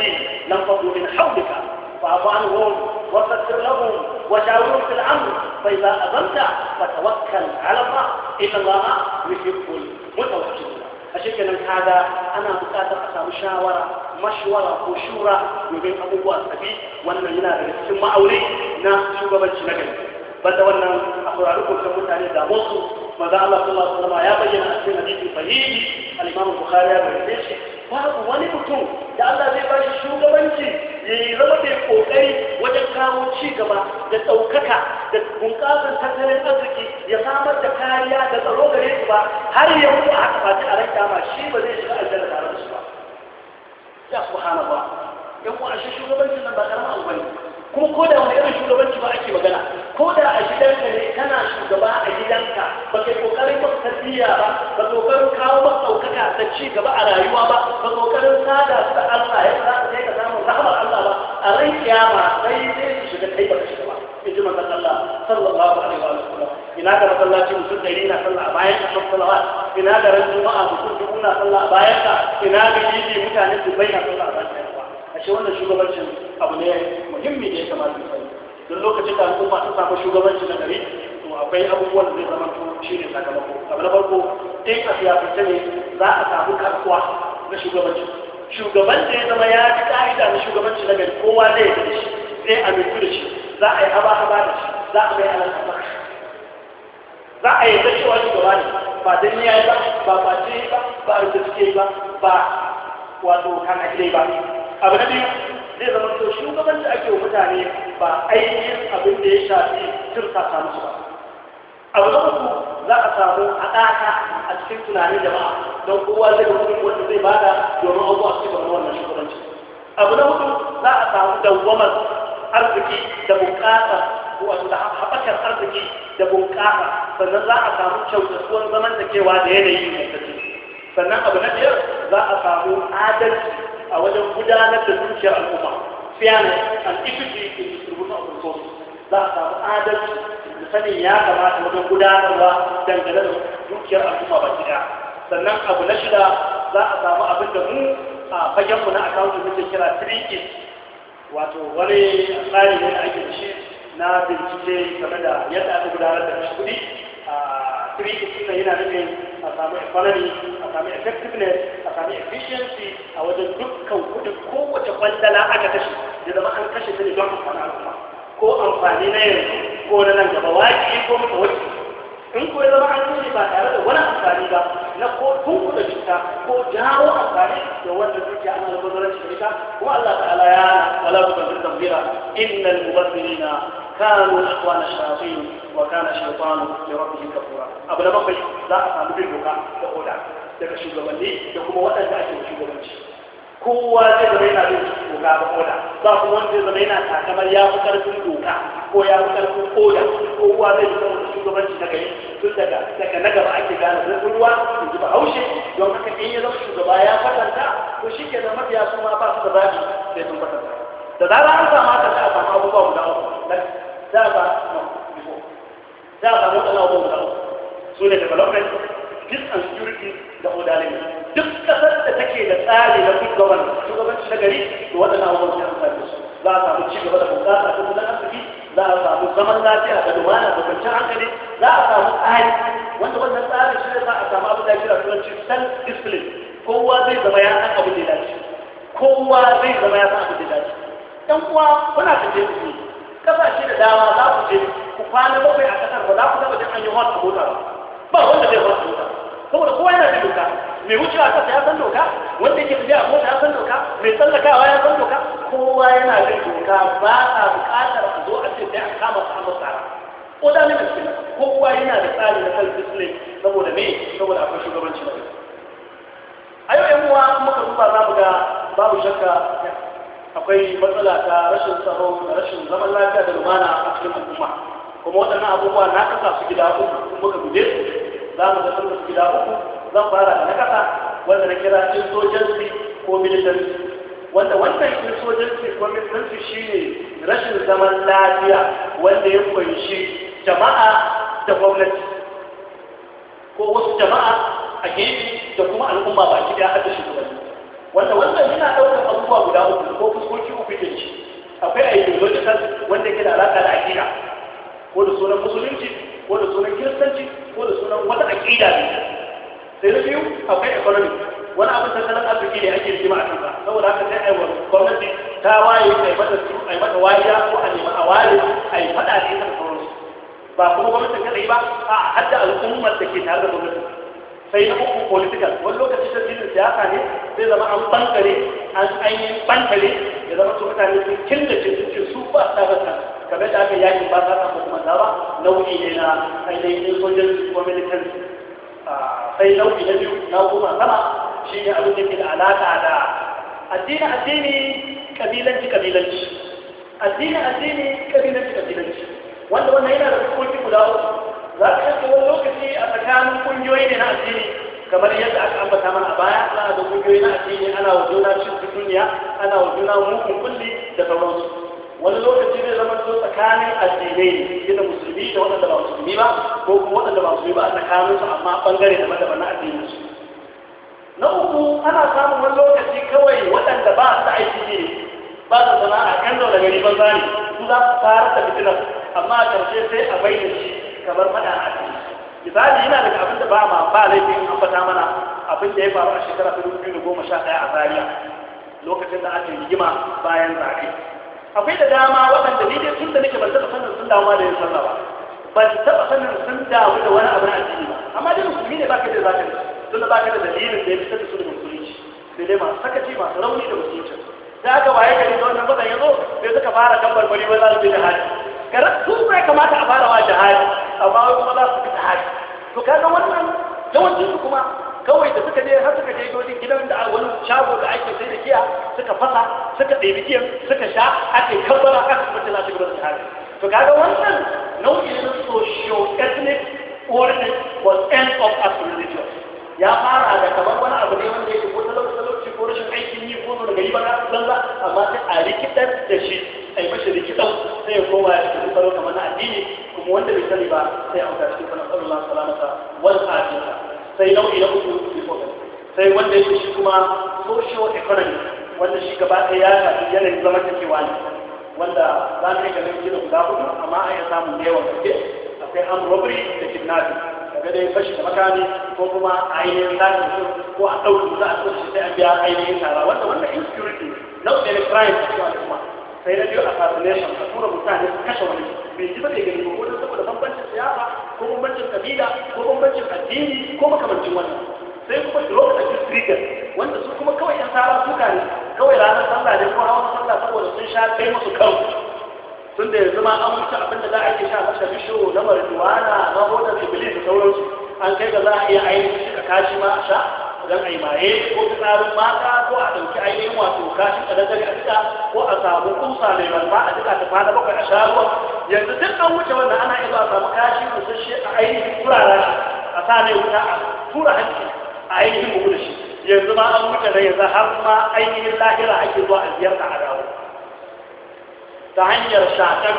Speaker 1: lam fadu min hawlika fa'fu anhum wa fassir lahum wa shawirhum fil amr fa idha azamta fatawakkal 'ala Allah inna Allah yuhibbul mutawakkilin a shekenan kaga ana bukatar a samu shawara mashwara ko shura domin abubuwa sabi wannan yana da cikin ma'aure na shugabanci na gari banda wannan a saurari kurkan mutane da wasu maza Allah sallallahu alaihi ya bayyana a cikin hadisi sahihi al-Imam Bukhari ya bayyana shi babu wani mutum da Allah zai ba shi shugabanci ya yi zama da kokari wajen kawo ci gaba da ɗaukaka da bunƙasar tattalin arziki ya samar da kariya da tsaro gare su ba har ya mutu a haka fati a ranka ma shi ba zai shiga aljanna tare da su ba ya subhanallah yan uwa shi shugabancin nan ba karamin abu bane kuma ko da wani irin shugabanci ba ake magana ko da a gidanka ne kana shugaba a gidanka ba kai kokarin maka tarbiyya ba ba kokarin kawo maka ɗaukaka da ci gaba a rayuwa ba ba kokarin sada su da Allah ya za ka kai ka samu rahmar Allah ba a ran kiyama sai sai su shiga kai ba ka shiga ya ji Allah sallallahu alaihi wa sallam ina ga masallaci mutum ɗari na sallah a bayan ka shan salawa ina ga ran juma'a mutum dubu na sallah a bayan ka ina ga yidi mutane dubai na sallah a bayan ka ashe wannan shugabancin abu ne muhimmi da ya kamata mu sani don lokacin da al'umma ta samu shugabanci na gari to akwai abubuwan da zai zama shi ne sakamako abu na farko dai a siyasance ne za a samu karkuwa na shugabanci shugaban da ya zama ya fi ka'ida na shugabanci na gari kowa zai yi shi zai amintu da shi za a yi haba-haba da shi za a bai ala amaka za a yi shi gaba ne ba don ya yi ba ba ba ce ba ba da suke ba ba wato kana gidai ba abu na biyu zai zama to shugaban da ake wa mutane ba ainihin abin da ya shafi turka samu su ba abu na uku za a samu haɗaka a cikin tunanin jama'a don kowa zai ga mutum wanda zai bada domin abubuwa su ga wannan shugabanci abu na hudu za a samu dawwamar arziki da bunƙasa wato da haɓakar arziki da bunƙasa sannan za a samu kyautatuwan zaman da kewa da yanayi mai tafi sannan abu na biyar za a samu adalci a wajen gudanar da dukiyar al'umma fairness and equity in distribution of resources za a samu adalci da sanin ya kamata wajen gudanarwa dangane da dukiyar al'umma ba gida, sannan abu na shida za a samu abin da mu a fagenmu na akawuntun muke kira 3 is wato wani tsari ne ake shi na bincike game da yadda aka gudanar da kuɗi a three instance yana nufin a samu economy a samu effectiveness a samu efficiency a wajen dukkan ko kowace kwandala aka kashe da zama an kashe ta ne don amfani al'umma ko amfani na yanzu ko na nan gaba wajibi ko mutuwaci in ko ya zama an yi ba tare da wani amfani ba na ko tunkuɗa cuta ko jawo amfani da wanda dukiya ana da bazaranci da ita kuma Allah ta'ala ya wala ku kan tambira innal mubassirina kanu ikhwana shayatin wa kana shaytanu li rabbih kafura abu da bakwai za a samu bin doka da oda daga shugabanni da kuma waɗanda ake shugabanci kowa zai zama yana bin doka ba koda ba kuma wanda zai zama yana takamar ya fi karfin doka ko ya fi karfin koda kowa zai yi saboda shugabanci daga yi tun daga daga na gaba ake gane zurfin ruwa in ji bahaushe don haka in ya zama shugaba ya kwatanta ko shi ke zama ya su ma ba su da zaɓi sai sun kwatanta da zara an samu haka za a samu abubuwa guda uku za a ba za a samu waɗannan abubuwa guda uku su ne development dukkan security da odalin duk kasar da take da tsari na good governance shugabanci na gari da waɗannan abubuwan da amfani da su za a samu ci gaba da bunƙasa ta kudin arziki za a samu zaman lafiya da lumana da kwanciyar hankali
Speaker 2: za a samu tsari
Speaker 1: wanda wannan tsarin shi ne za a samu abin da kira turanci self discipline kowa zai zama ya san abin da ya dace kowa zai zama ya san abin da ya dace ɗan uwa kuna tafiye ku kasashe da dama za ku je ku kwana bakwai a kasar ba za ku mai wucewa kasa ya san doka wanda yake tafiya a mota ya san doka mai tsallakawa ya san doka kowa yana da doka ba a buƙatar a zo a ce sai an kama su a tsara ko da ne mai kowa yana da tsari na kan disney saboda me saboda akwai shugabanci mai a yau yan uwa muka duba za mu ga babu shakka akwai matsala ta rashin tsaro da rashin zaman lafiya da lumana a cikin al'umma kuma waɗannan abubuwa na kasa su gida uku kuma ka guje su za mu ga sun gida uku zan fara da na kasa wanda na kira insurgency ko militancy wanda wannan
Speaker 2: insurgency ko militancy ne rashin zaman lafiya
Speaker 1: wanda ya kunshi jama'a da gwamnati ko wasu jama'a
Speaker 2: a gefe da kuma al'umma baki
Speaker 1: daya har da shugabanni wanda wannan yana ɗaukar abubuwa guda uku ko fuskoki uku da shi akwai ideological wanda yake da alaƙa da aƙida ko da sunan musulunci ko da sunan kiristanci ko da sunan wata aƙida ne sai na biyu akwai economy wani abin tattalin arziki ne ake jima a kansa saboda haka sai aiwa gwamnati ta waye a yi mata su a yi mata wariya ko a nema a ware a yi faɗa da ita da sauransu ba kuma gwamnatin kadai ba a hadda al'ummar da ke tare da gwamnati sai na uku political wani lokaci ta filin siyasa ne zai zama an bankare an ainihin bankare ya zama su mutane sun killace sun su ba ta kamar da aka yakin ba ta kuma zaba nau'i ne na ainihin sojin ko militanci sai nau'i na biyu na goma sama shi ne abin da ke da alaƙa da addini addini ƙabilanci ƙabilanci. addini addini kabilanci kabilanci wanda wannan yana da hukunci guda uku za ka kasance wani lokaci a tsakanin ƙungiyoyi ne na addini kamar yadda aka ambata mana a baya ana da kungiyoyi na addini ana wa juna cin duniya ana wa juna mugun kulli da sauransu wani lokaci zai zama su tsakanin addinai gina musulmi da waɗanda ba musulmi ba ko kuma waɗanda ba musulmi ba a tsakanin su amma bangare da daban na addinin su na uku ana samun wani lokaci kawai waɗanda ba su aiki ne ba su sana'a kan zaune gari ban zane, su za su fara da fitinar amma a ƙarshe sai a bayyana shi kamar faɗa a addini misali yana daga abin da ba ma ba laifin fata mana abin da ya faru a shekara ta dubu biyu da goma sha ɗaya a Zariya lokacin da ake rigima bayan zaɓe akwai da dama waɗanda ni sun da nake ban taɓa sanin sun damu da yin sallah ba ban taɓa sanin sun damu da wani abu na addini ba amma dai musulmi ne ka da zaka da tun da baka da dalilin da ya fitar da su da musulunci sai dai masu sakaci masu rauni da musulunci da aka waye gari da wannan bakan ya zo sai suka fara kan barbari ba za su bi jihadi gara su bai kamata a fara wa jihadi amma wai kuma za su bi hajji to kaga wannan yawancin su kuma kawai da suka je har suka je gidan gidan da wani shago da ake sai da giya suka fasa suka ɗebi kiya suka sha ake kabbara aka kuma tana shiga da kare to kaga wannan nau'in socio ethnic warning was end of as religious ya fara da kamar wani abu ne wanda yake ko talauci talauci ko rashin aikin yi ko zo daga riba na banza amma sai a rikitar da shi a yi mashi rikitan sai ya koma ya cikin tsaro kamar na addini kuma wanda bai sani ba sai a wuta cikin sanar tsaron lalata wani ajiyar sai nau'i na uku sai wanda yake shi kuma social economy wanda shi gaba ɗaya ya shafi yanayin zama takewa ne wanda za ka yi nan gina guda hudu amma an yi samun da kake, a akwai an robbery da kidnapping daga dai fashi da makami ko kuma ainihin zaɓin su ko a ɗauki za a ɗauki sai an biya ainihin tara wanda wannan insecurity nau'i ne crime a kuma al'umma sai na biyu a fasilinan a tura mutane su kashe wani mai ji ba da gani ko don saboda bambancin siyasa ko bambancin kabila ko bambancin addini ko makamancin wannan sai kuma drug and trigger wanda su kuma kawai yan sara suka ne kawai ranar sallah ne ko hawan sallah saboda sun sha kai musu kan tun da yanzu ma an mutu abin da za a yi sha a kashe bisho na marijuana na hodar iblis da sauransu an kai ga za a iya aiki shi ka kashi ma a sha don a yi maye ko tsarin mata ko a ɗauki ainihin wato kashin a dangare a duka ko a samu kusa mai malma a duka ta fada bakwai a sharuwa yanzu duk an wuce wannan ana iya a samu kashi shi a ainihin turara a sa mai wuta a tura hanci a ainihin bugu da shi yanzu ma an wuce da yanzu har ma ainihin lahira ake zuwa a ziyarta a dawo ta hanyar shaƙar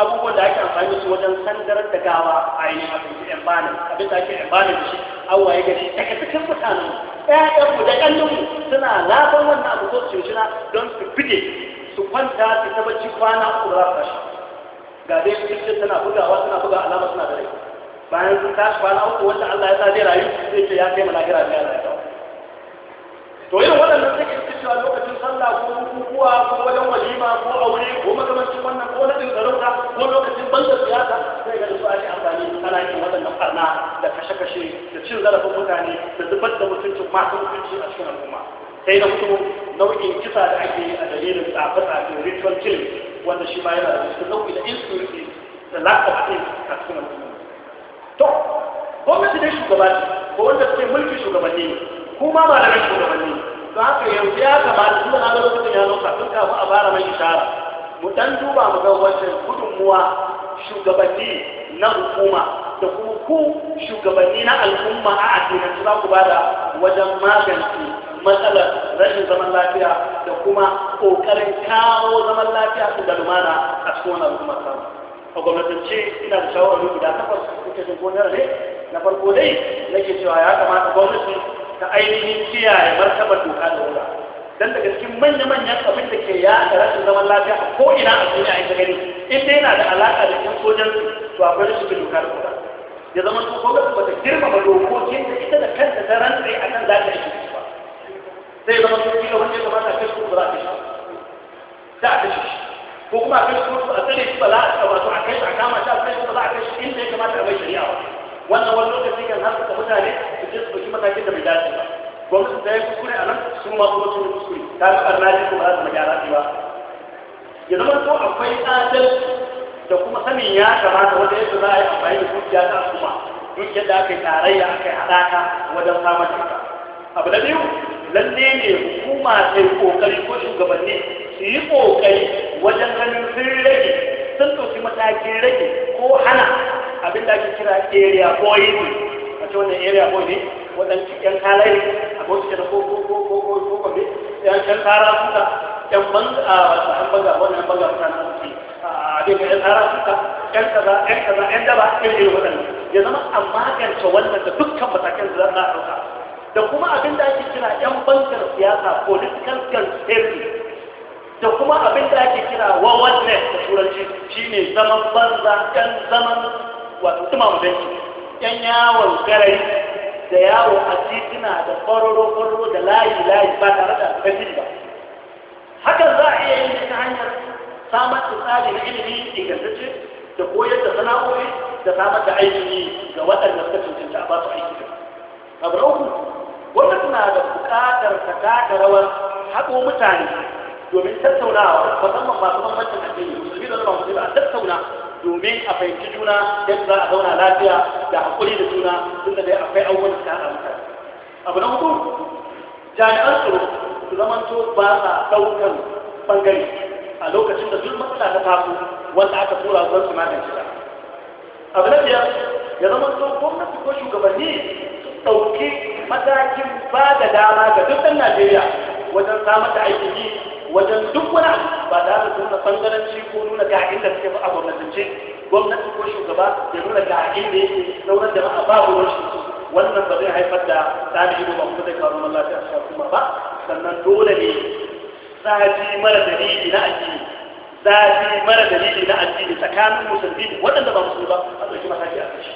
Speaker 1: abubuwan da ake amfani da su wajen sandar da gawa a ainihin abinci embalin abin da ake embalin da shi awaye gari daga cikin mutanen mu da mu suna labar wannan abu zo su shina don su fide su kwanta su taɓa ci kwana ko za su ga dai cikin tana bugawa suna buga alama suna da rai bayan sun tashi kwana uku wanda Allah ya sa zai rayu zai ce ya kai mana gira ne Allah ya to yin waɗannan sai cewa lokacin sallah ko bukukuwa ko wajen walima ko aure ko makamancin wannan ko na tsarauta ko lokacin banza siyasa sai ga su ake amfani ana yin waɗannan farna da kashe-kashe da cin zarafin mutane da zubar da mutuncin masu mutunci a cikin al'umma sai na hudu nau'in kisa da ake yi a dalilin tsafe-tsafe ritual killing wanda shi ma yana da wasu nau'i da insecurity da lack of a cikin al'umma to gwamnati dai shugabanni ko wanda suke mulki shugabanni ne kuma malamin shugabanni don haka yanzu ya kamata tun da na ga lokacin ya zo kafin kafin a fara mai ishara mu dan duba mu ga wajen gudunmuwa shugabanni na hukuma da kuma ku shugabanni na al'umma a addinanci za ku bada wajen magance matsalar rashin zaman lafiya da kuma ƙoƙarin kawo zaman lafiya su da lumana a cikin wannan al'ummar samu a gwamnatance ina da shawarwari guda takwas kuke jin gonar ne na farko dai nake cewa ya kamata gwamnati ta ainihin kiyaye martaba doka da wura dan daga cikin manya-manyan abin da ke ya da rashin zaman lafiya a ko'ina a duniya ita gani in dai yana da alaƙa da cikin sojan to akwai rashin bin doka da wura ya zama su kogar ba ta girmama dokokin da ita da kanta ta rantsai a kan zata yi ba sai zama su kila wanda ya kamata kai su ba za a kai shi a kai ko kuma a kai shi a tsare shi ba za a a kai su a kama shi a kai su ba za a kai shi inda ya kamata a bai shari'a wannan wani lokaci kan haskaka mutane matakin da bai dace ba gwamnati ta yi kuskure a nan sun ma kuma sun kuskure ta ga ɓarna ne kuma za su gyara ce ba ya zama to akwai tsadar da kuma sanin ya kamata wanda yadda za a yi amfani da dukiya ta kuma duk da aka yi tarayya aka yi haɗaka wajen samar da ita abu na biyu lalle ne hukuma ta yi kokari ko shugabanni su yi kokari wajen ganin sun rage sun ɗauki matakin rage ko hana abin da ake kira area boy ne a ce wannan area boy ne waɗansu ƴan kalaye a wasu da ko ko ko ko ko ko ƴan kara suka ƴan banza a ƴan banza wani ƴan banza suke a ƴan kara suka ƴan kaza kaza daba irin ya zama a magance wannan da dukkan matakan da za a ɗauka da kuma abin da ake kira ƴan bangar siyasa political conspiracy da kuma abin da ake kira wannan da turanci shine zaman banza yan zaman wato tumamu danki yawon garai. da yawo a titina da kwararo-kwararo da layi-layi ba tare da alfajiri ba
Speaker 2: hakan za a iya yin ta
Speaker 1: hanyar samar da tsari na ilimi ingantacce da koyar da sana'o'i da samar da aikin yi ga waɗanda suka cancanta a ba su aiki da abu na uku gwamnati na da buƙatar ta taka rawar haɗo mutane domin tattaunawa musamman masu bambancin addini musulmi da ba musulmi a tattauna domin a fahimci juna yadda za a zauna lafiya da haƙuri da juna tun da dai akwai abubuwan da suka haɗa mutane abu na hudu jami'an tsaro su zamanto ba sa ɗaukar ɓangare a lokacin da duk matsala ta taso wanda aka tura zuwa su magance ta abu na biyar ya zamanto gwamnati ko shugabanni su ɗauki matakin ba da dama ga dukkan najeriya wajen samar da aikin yi wajen duk wani abu ba da su nuna bangaranci ko nuna ga inda suke ba a gwamnatance gwamnati ko shugaba ya nuna ga inda yake sauran jama'a ba ruwan shi wannan ba zai haifar da tsari ido ba kuma zai kawo zaman lafiya a shafi ba sannan dole ne zafi mara dalili na addini zafi mara dalili na addini tsakanin musulmi waɗanda ba musulmi ba a ɗauki mataki a kashi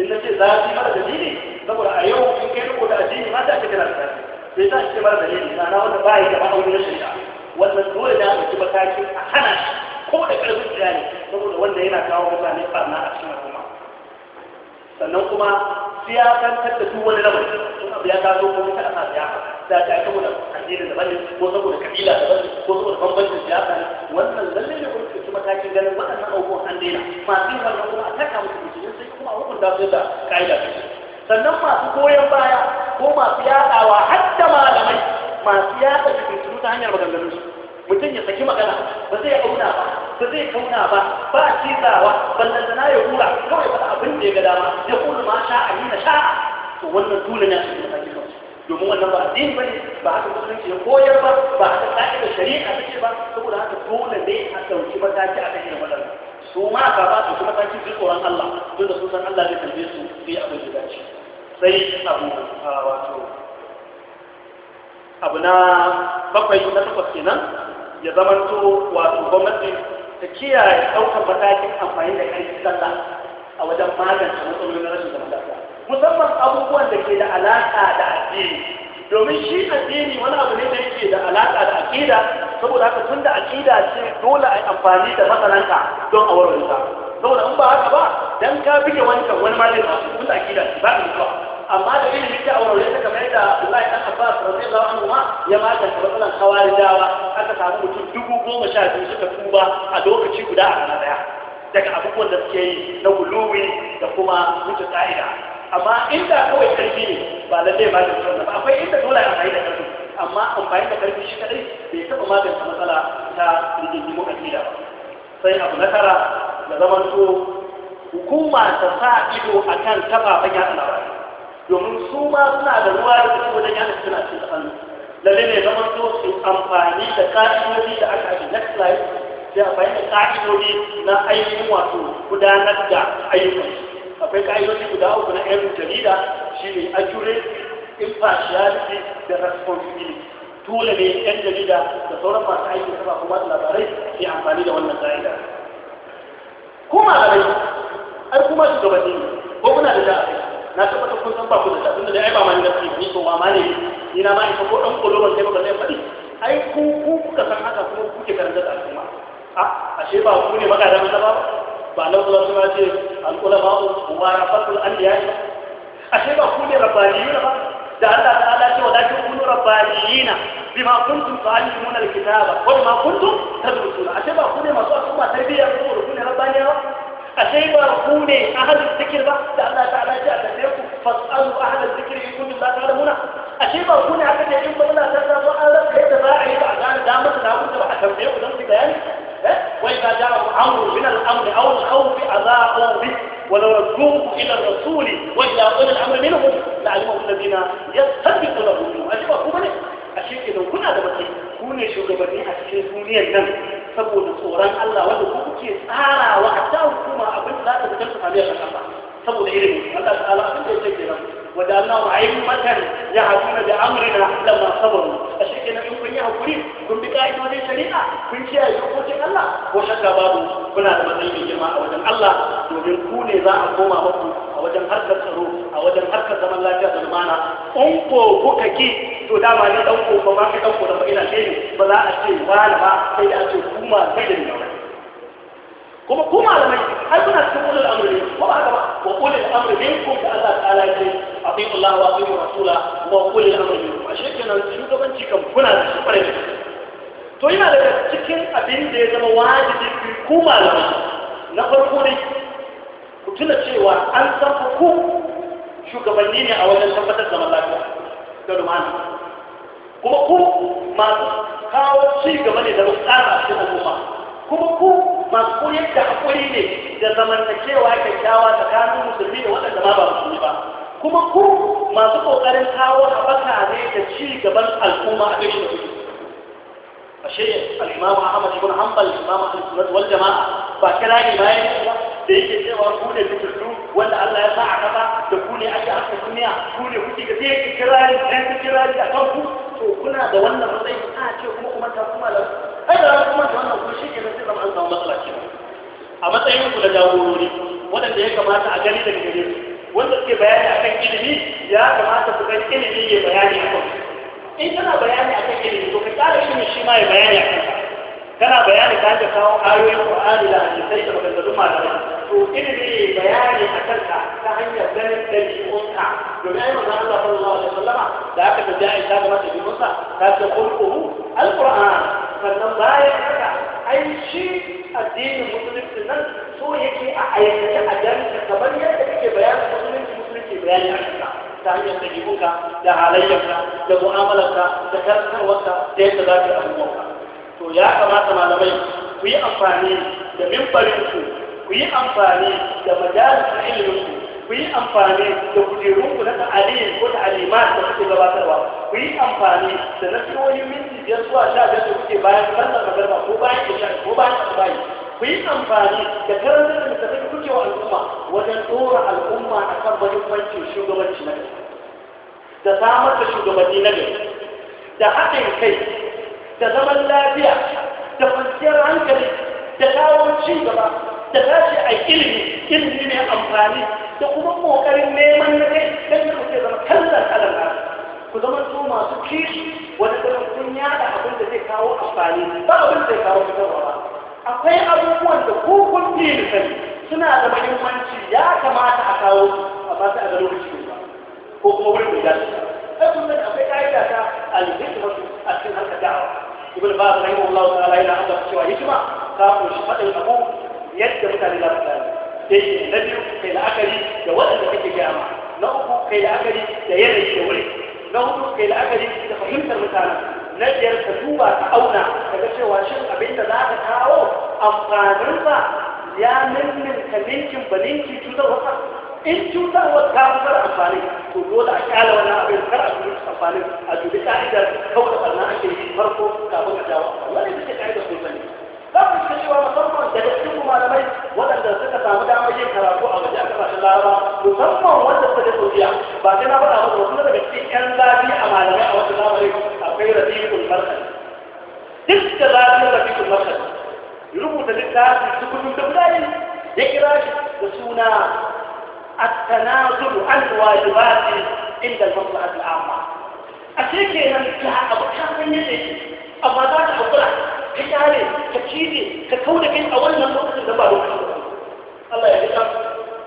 Speaker 1: in na ce zafi mara dalili saboda a yau in kai riko da addini ma ta ce kana da zafi sai za a ce mara dalili na na wanda ba da gaba aure na shari'a wannan dole da aka ci mataki a hana shi ko da ƙarfin tsaya ne saboda wanda yana kawo mutane barna a cikin al'umma sannan kuma siyasantar da duk wani lamari sun abu ya taso ko ta ana siyasa da ta aka wani addini daban ne ko saboda kabila daban ne ko saboda bambancin siyasa ne wannan lallai ne kuma ci matakin ganin waɗannan abubuwan an daina masu yin wannan kuma a taka musu mutum sai kuma a hukunta su da ka'ida ta sannan masu goyon baya ko masu yaɗawa da malamai masu yaɗa fitintunu ta hanyar maganganunsu mutum ya saki magana ba zai auna ba ba zai kauna ba ba cizawa zana ya hura kawai faɗa abin da ya ga dama ya kula ma sha a nuna sha to wannan dole ne a cikin mataki domin wannan ba addini ba ne ba haka musulunci ya koyar ba ba haka da shari'a ta ce ba saboda haka dole ne a ɗauki mataki a kan irin waɗannan su ma ka ba su mataki su tsoron Allah tun da sun san Allah zai kalbe su sai abin da dace sai abu wato abu na bakwai na takwas kenan ya zama to wato gwamnati ta kiyaye ɗaukar matakin amfani da ƙarfi sallah a wajen magance matsalolin na rashin zaman lafiya musamman abubuwan da ke da alaƙa da addini domin shi addini wani abu ne da yake da alaƙa da aƙida saboda haka tun da aƙida ce dole a yi amfani da matsalanka don a warware ta saboda in ba haka ba dan ka bige wani kan wani ma zai tun da aƙida ce ba ka mutuwa amma da yin da wurare ta kamar yadda Allah ya Abbas da anhu ma ya magance matsalan khawarijawa aka samu mutum dubu goma sha biyu suka tuba a lokaci guda a rana daya daga abubuwan da suke yi na guluwi da kuma wuce ka'ida amma inda kawai karfi ne ba lallai ba da wannan ba akwai inda dole a mai da karfi amma amfani da karfi shi kadai bai magana magance matsala ta rigingimu aƙida ba sai abu na tara da zamanto hukuma ta sa ido akan kafafen yaɗa labarai domin su ma suna da ruwa da kuma wajen yana suna ce da hannu lalle ne zama to su amfani da ka'idodi da aka yi next slide sai amfani da ka'idodi na aiki wato gudanar da ayyukan akwai ka'idodi guda uku na yan jarida shi ne accuracy impartiality da responsibility dole ne yan jarida da sauran masu aiki suna kuma labarai Sai amfani da wannan ka'ida kuma a rai har kuma shugabanni ko kuna da da'a na ta tabbatar kun san ba ku da ta tunda dai ai ba ma ni da fi ni to ma ma ne ni na ma ita ko dan kolo ban sai ba zai faɗi ai ku ku kuka san haka kuma kuke karanta da al'umma a ashe ba ku ne magana na ba ba na kula sun ce al'ulama kuma ya fatul anbiya ashe ba ku ne rabbaniyuna ba da Allah ta'ala ce wa da ku kunu rabbaniyina bima kuntum tu'allimuna alkitaba wa bima kuntum tadrusuna ashe ba ku ne masu al'umma tarbiyya ko ku ne rabbaniyawa أشيء ما رفوني أهل الذكر بقى الله تعالى جاء لديكم فاسألوا أهل الذكر يكون لا تعالى هنا أشيء ما رفوني عبد الجيم الله تعالى وأنا كيف باعي بعدان دامت نعود وأتبعه نفسي بياني وإذا جاء أمر من الأمر أو الخوف أذاعوا به ولو رجوه إلى الرسول وإلى أولي الأمر منهم لعلمهم الذين يصدقونه أشيء ما رفوني أشيء إذا كنا دمتي كوني شغبني أشيء كوني النمي saboda tsoron Allah wanda ku kuke tsarawa a ta hukuma abin da za ta fitar su sami a ƙasa saboda ilimin Allah ta'ala abin da yake kenan wanda Allah wa ayyukan matan ya hakuna da amrina lamma sabaru a shi kenan in kun yi hakuri kun bi ka'idodin shari'a kun kiyaye dokokin Allah ko shakka babu kuna da matsayin girma a wajen Allah domin ku ne za a koma muku a wajen harkar tsaro a wajen harkar zaman lafiya da lumana in ko kuka ki to dama ne dan ko ba ka dan ko da ina ce ba za a ce ba ba sai da al'umma sai da nuna kuma ku malamai har kuna cikin ulul amri ko ba haka ba wa ulul amri ne ko ka Allah ta'ala ya ce atiu Allah wa atiu rasula wa ulul amri ne kuma shekenan shugabanci kan kuna da shi bare to yana daga cikin abin da ya zama wajibi ku malamai na farko ne ku tuna cewa an san ku shugabanni ne a wajen tabbatar da lafiya da rumana kuma ku masu kawo ci gaba ne da a cikin al'umma kuma ku masu koyar da haƙuri ne da zamantakewa kyakkyawa tsakanin musulmi da waɗanda ma ba musulmi ba kuma ku masu ƙoƙarin kawo haɓaka ne da ci gaban al'umma a gaishe da ashe al-imamu Ahmad ibn Hanbal imamu al-sunnah wal jama'a ba kira ne bayan ba da yake cewa ku ne fitattu wanda Allah ya sa a kafa da ku ne ake aka duniya ku ne kuke ga sai kirari kira ne a kanku to kuna da wannan matsayi a ce kuma kuma ta kuma da ai da kuma ta wannan kuma shi ke sai zama an samu matsala ce a matsayin ku da jagorori waɗanda ya kamata a gani daga gare su wanda suke bayani akan ilimi ya kamata su ga ilimi ya bayani akan in kana bayani akan ilimi to ka ƙara ilimi shi ma ya bayani akan كان بياني كانت كانوا قالوا أن يسيطة وكانت دمع ذلك وكان بي بياني أكلتها فهي يبدأ لكي أنتع يبقى أيضا أن الله صلى الله عليه وسلم ذاك في الداعي الثاني ماشي في مصر كانت تقول أبو القرآن فالنم ضايا لك أي شيء في النم سوء يكي أعيكي أجل كتبني يكي بيان المسلم في مسلم في to ya kamata malamai ku yi amfani da mimbarinku ku yi amfani da majalisar iliminku ku yi amfani da kujerunku na ta'aliyar ko ta'alimat da kuke gabatarwa ku yi amfani da nasihohin minti biyar zuwa sha biyar da kuke bayan sallar magarba ko bayan isha ko bayan asubahi ku yi amfani da karantar da littattafai kuke wa al'umma wajen tsoron al'umma a kan mahimmancin shugabanci na gari da samar da shugabanni na gari da haɗin kai تغرى اللافع تفكر عن كلمة تخاوم شيبرا تخاشع كلمة كلمة من أمراني تقوم بمقر الميمان لديه كلمة كلمة كلمة كلمة كلمة كلمة سكير ونزل الدنيا لحبل ذي كاو أمراني فأبل ذي كاو أقوي أبو أنت هو كل دين فن سنة هذا ما يمان شيء يا كما تأكلوا أما تأكلوا شيء ما هو قبل مجلس أقول من أبي كايدا كا الذكر أكثر هلك دعوة يقول بعض رحمه الله تعالى إلى أن تخشوا هجمة قاموا شفاء الأبو يجب كان إلى مثال شيء نبي كي الأكلي جوال لك جامعة نأبو كي الأكلي جيال الشوري نأبو كي الأكلي تفهمت الرسالة نجر تدوبة تأونا كذا واشر أبنت ذاك تاو أفغانرزة يا من من كمينكم بلينكم جودة وقت in cutarwar ta kar amfani to dole a kyala wani abin kar a dubi amfani a dubi ka'idar kawai barna ake yi farko kafin a jawo wani suke ka'idar sun sani za ku shi cewa musamman daga cikin malamai waɗanda suka samu damar yin karatu a waje a kasashen laraba musamman wanda suka je saudiya ba sai na faɗa musu wasu daga cikin 'yan zafi a malamai a wajen lamarin akwai rafiqul markaz duk da zafin rafiqul markaz rubuta littafi su kudu da ya kira shi da suna التنازل عن الواجبات عند المصلحة العامة أشيكي أنا مكتها أبو من يدي أبو ذات أبرع كتالي كتيري ككونك إن أولنا نقص الله يهديك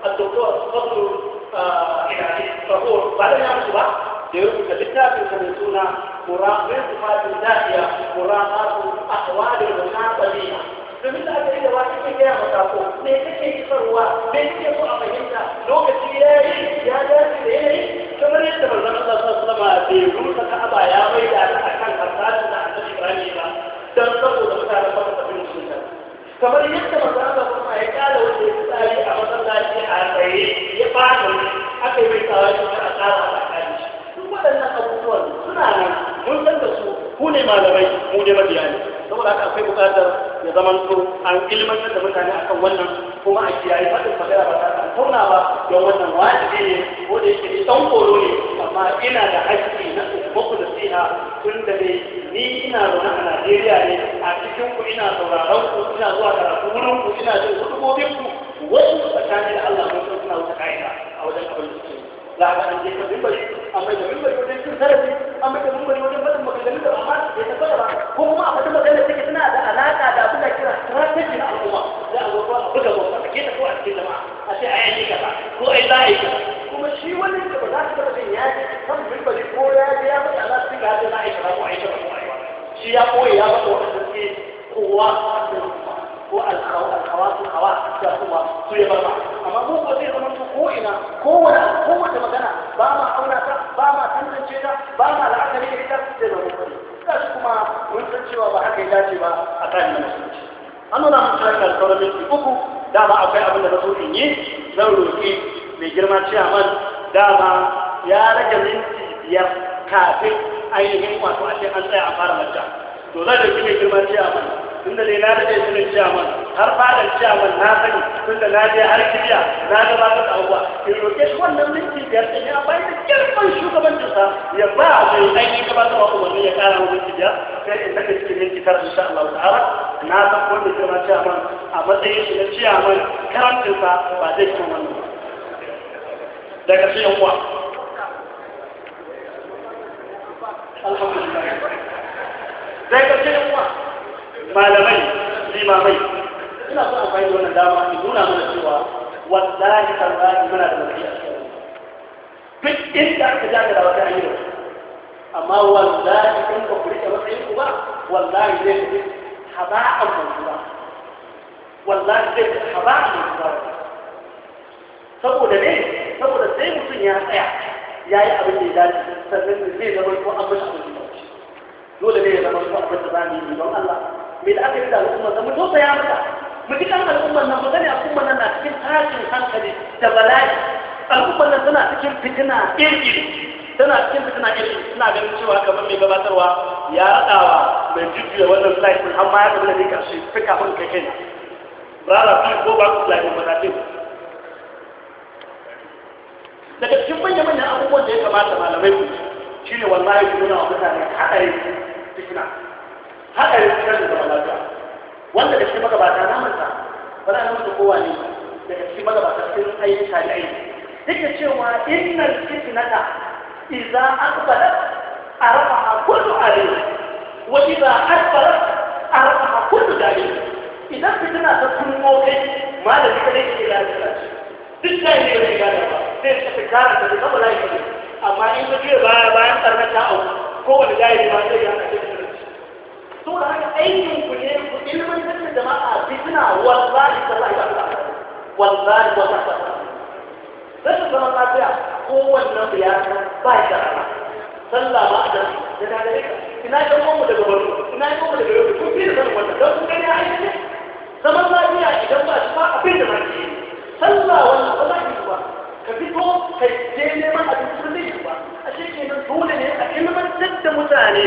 Speaker 1: الدكتور فضل يعني فخور بعد ما شباب يقول الكتاب يسمونه مراقبة صفات ذاتية مراقبة أحوال المناطقية domin da aka yi da wata ke gaya mata ko me kake isarwa me kake so a fahimta lokaci ya yi ya dace da yanayi kamar akan wannan kuma a kiyaye faɗin magana ba ta tauna ba don wannan wajibi ne ko da yake ni ɗan koro ne amma ina da haƙƙi na muku da siha tun da dai ni ina zaune a Najeriya ne a cikin ku ina sauraron ku ina zuwa karatu wurin ku ina jin hudubobin ku wasu tsakanin da Allah mun suna wuta ka'ida a wajen abin da suke za a ga an je ka bimbari amma da bimbari wajen cin zarafi an mace mun bari wajen barin maganganun da amma ya ta ba ko kuma a wata maganar take suna da alaka da abin da kira strategy na al'umma za a zo a buga gwamnati a keta ko a cikin jama'a a ce a yi kaza ko a yi za a yi kuma shi wani da ba za su taɓa jin ya je kan mimbari ko ya je ya faɗa za su ga na aika ko aika ko aika shi ya koyi ya faɗa wani da ke kowa a cikin ko alkhawasu hawa da kuma su ya barba amma mu ba zai zama ko ina ko wani ko wata magana ba ma auna ta ba ma tantance ta ba ma la'akari da ita zai zama kuɗi kashi kuma mun san cewa ba haka ya dace ba a kan na musulunci an nuna mun tsarin alkawarin minti uku dama akwai abin da na in yi zan roƙi mai girma man dama ya rage minti biyar kafin ainihin wato a ce an tsaya a fara majja to zan roƙi mai girma ciyaman tunda dai na daɗe sunan ciyaman har fadar ciyaman na sani tunda na je har kiriya na ga ba ta abuwa in roƙe shi wannan minti biyar ɗin ya bayi da girman shugabancinsa ya ba mai aiki gabatarwa umarni ya ƙara wa minti biyar sai in daga cikin minti tara insha Allah ta'ala na san wanda girma ciyaman a matsayin shi na ciyaman karantinsa ba zai kuma wannan
Speaker 2: ba daga shi yan uwa alhamdulillah daga shi yan malamai limamai ina so amfani da wannan dama in nuna
Speaker 1: mana cewa wallahi tallahi muna da matsayi a duk inda aka da wata hanyar amma wallahi in ba ku rike matsayin ku ba wallahi zai ku haba'an mansura wallahi zai ku haba'an mansura saboda ne saboda sai mutum ya tsaya ya yi abin da ya dace sannan zai zama ko abin abin da dole ne ya zama ko abin da za mu yi don Allah mai la'akari da al'ummar nan mu tausaya mata mu ji kan al'ummar nan mu gani al'ummar nan na cikin tashin hankali da bala'i al'ummar nan tana cikin fitina iri tana cikin fitina iri suna ganin cewa kamar mai gabatarwa ya raɗawa mai jujjuya wannan slide din amma ya kamar da karshe fi kafin kai kaina rara fi ko ba ku slide ba zafi daga cikin manya-manyan abubuwan da ya kamata malamai ku shi ne wallahi ku nuna wa mutane haɗari fitina Haɗa haɗarin rashin zaman lafiya wanda da shi magabata na manta ba za a manta kowa ne da daga cikin magabata sun ayi tabi'ai duk da cewa innal fitnata idza aqbalat arafaha kullu alim wa idza adbarat arafaha kullu dalil idan fitina ta kulmo kai malami kada ke lafiya duk da ne bai gane ba sai ta da ta da bala'i amma in ka je baya bayan karnata au kowane dalili ba zai gane saboda haka aikin ku ne ku ilmantar da jama'a fitina wallahi tallahi ba ta wallahi ba ta rashin zaman lafiya kowannen ku ya san ba ya rana sallah ba a dafi da na da rika ina ga mu daga baro ina ga mu daga yau kun fi da sanin wannan don kun gani a aiki zaman lafiya idan ba shi ba abin da ba ke
Speaker 2: sallah wannan ba za ki
Speaker 1: ba ka fito kai je neman abinci da zai ba a kenan dole ne a ilmantar da mutane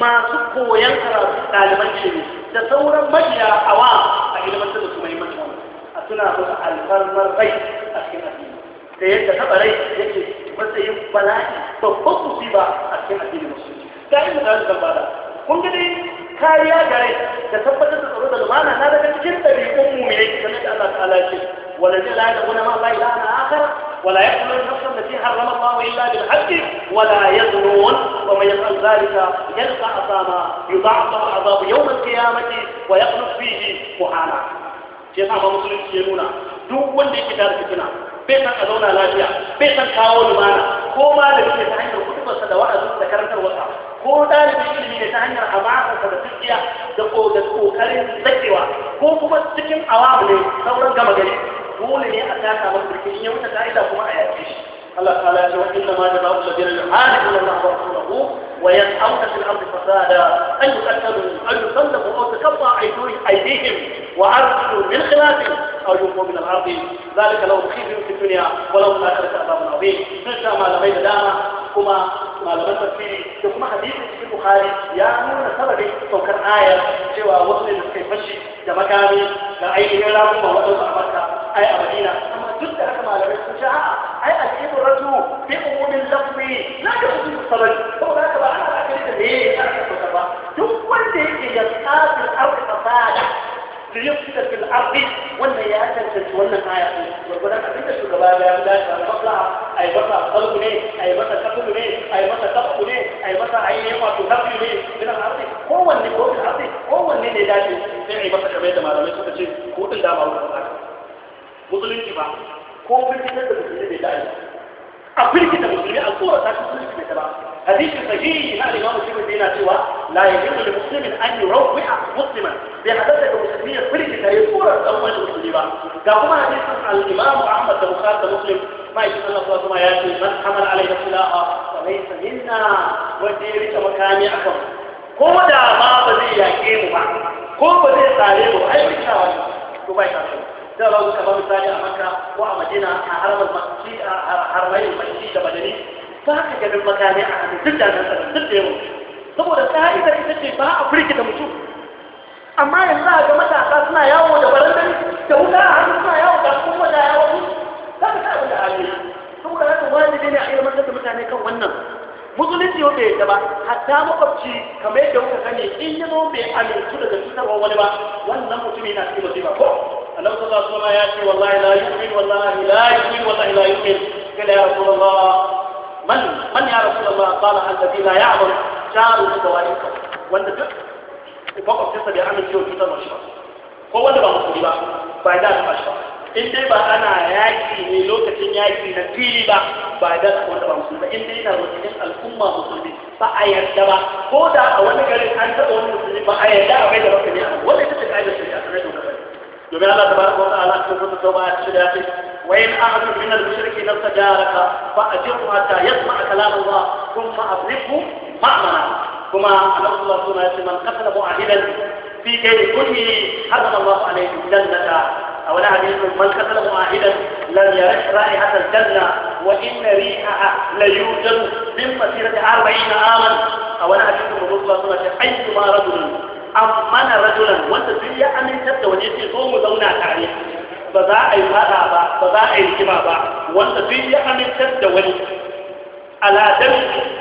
Speaker 1: masu koyan karatu ɗaliban ilimi da sauran mabiya awa a ilmantar da su muhimmancin wannan a tuna musu alfarmar rai a cikin addini da yadda taɓa rai yake matsayin bala'i babban musiba a cikin addinin musulunci ga inda za su bada kun ga dai kariya ga rai da tabbatar da tsaro da lumana na daga cikin ɗabi'un mu ne kamar da Allah ta'ala ce wala la ya'lamuna ma la ilaha illa akhara ولا يقتل النفس التي حرم الله إلا بالحق ولا يزنون ومن يفعل ذلك يلقى عظاما يضعف العذاب يوم القيامة ويخلف فيه مهانا شيخ أبو مسلم سيرونا دو وند كتاب كتنا بيتن أدونا لاجيا بيتن كاو لمانا كوما لكي تحين الكتب السدواء ذو ذكرت الوصف كو دار بيتن dole ne a taka masa cikin ya wuce ka'ida kuma a yaƙe shi Allah ta'ala ya ce wa inna ma jazaa'u alladhina yuharibuna Allah wa rasulahu wa yas'awna fil ardi fasada an yuqtalu an yusallabu aw takaffa aydihim wa arjulu min khilaf aw yuqu min al-ardi dhalika law khizyun fid dunya wa law akhirati adhabun adhim sun sha malamai da dama kuma malaman tafsiri da kuma hadisi cikin bukhari ya nuna sababin saukar ayar cewa wasu ne da suka fashi da makami da ainihin ramun ba waɗansu a makka ai a madina amma duk da haka malamai sun ce a'a ai a cikin ratu bi umumin lafi na da su sabon ko da haka ba ana da da me ya ba duk wanda yake ya tsafin auka fasada su yi fita fil arfi wannan ya tantance wannan aya ko gurgurdan abin da shugaba ya yi dace a mafla a yi mata kalbu a yi mata kafu ne a yi mata kafu a yi mata aini wato kafu kowanne ko bin arfi kowanne ne dace sai a yi mata kamar yadda malamai suka ce ko din dama wani kasa musulunci ba ko bin da musulunci ne dace أقول كده المسلمين الصورة تاكل مسلمين تبع هذه الفجيه ما الإمام مسلم بينا سوى لا يجوز لمسلم أن يروع مسلما بحدثة المسلمين كل كده هي الصورة الأول المسلمة كما حديث الإمام أحمد بخاري مسلم ما يجوز الله صلى الله عليه وسلم من حمل عليه السلاح فليس منا وديرك مكاني أكبر كودا ما بزي يا كيمو ما كودا بزي يا كيمو أي مكتاوي كوباي كاشو da babu kamar misali a makka ko a madina a harbar makki a harbayin makki da madani ba ka ganin makami a hannun duk da nan sanar duk da yau saboda ka'ida ita ce ba a firgita mutum amma yanzu a ga matasa suna yawo da barandari da wuta a hannu suna yawo da kuma da yawo za ka abin da hali saboda haka wajibi ne a ilmantar da mutane kan wannan musulunci wanda ya ba hatta makwabci kamar yadda kuka sani in yi mai amintu daga cutarwa wani ba wannan mutum yana cikin ba ko أن رسول الله صلى الله والله لا يؤمن والله لا يؤمن والله لا يؤمن قال يا رسول الله من من يا رسول الله قال الذي لا يعمل شار الدوائر وانت جد فوق القصة بيعمل شيء جدا مشروع هو ولا بقى مصري بقى بعد ذلك مشروع انت بقى انا ياكي ميلوك تنياكي نبيلي بقى بعد ذلك وانت بقى مصري بقى انت هنا رسلت الأمة مصري فأيان دبا هو دا أولا قال أنت أولا مصري فأيان دا عيدة بقى مصري ولا يتبقى عيدة مصري أنا عيدة يبي الله تبارك وتعالى يقول الدواء آية الشريعي وإن أحد من المشركين استجارك فأجره حتى يسمع كلام الله ثم أبلغه مأمنا كما أن رسول الله صلى الله من قتل معاهدا في كيد كله حرم الله عليه الجنة أولا الحديث من قتل معاهدا لم يرش رائحة الجنة وإن ريحها ليوجد من مسيرة أربعين عاما أولا الحديث من رسول الله صلى الله عليه وسلم أيما رجل amana rajulan wanda duk ya amintar da wani ce zo mu zauna tare ba za a yi fada ba ba za a yi rigima ba wanda duk ya amintar da wani aladar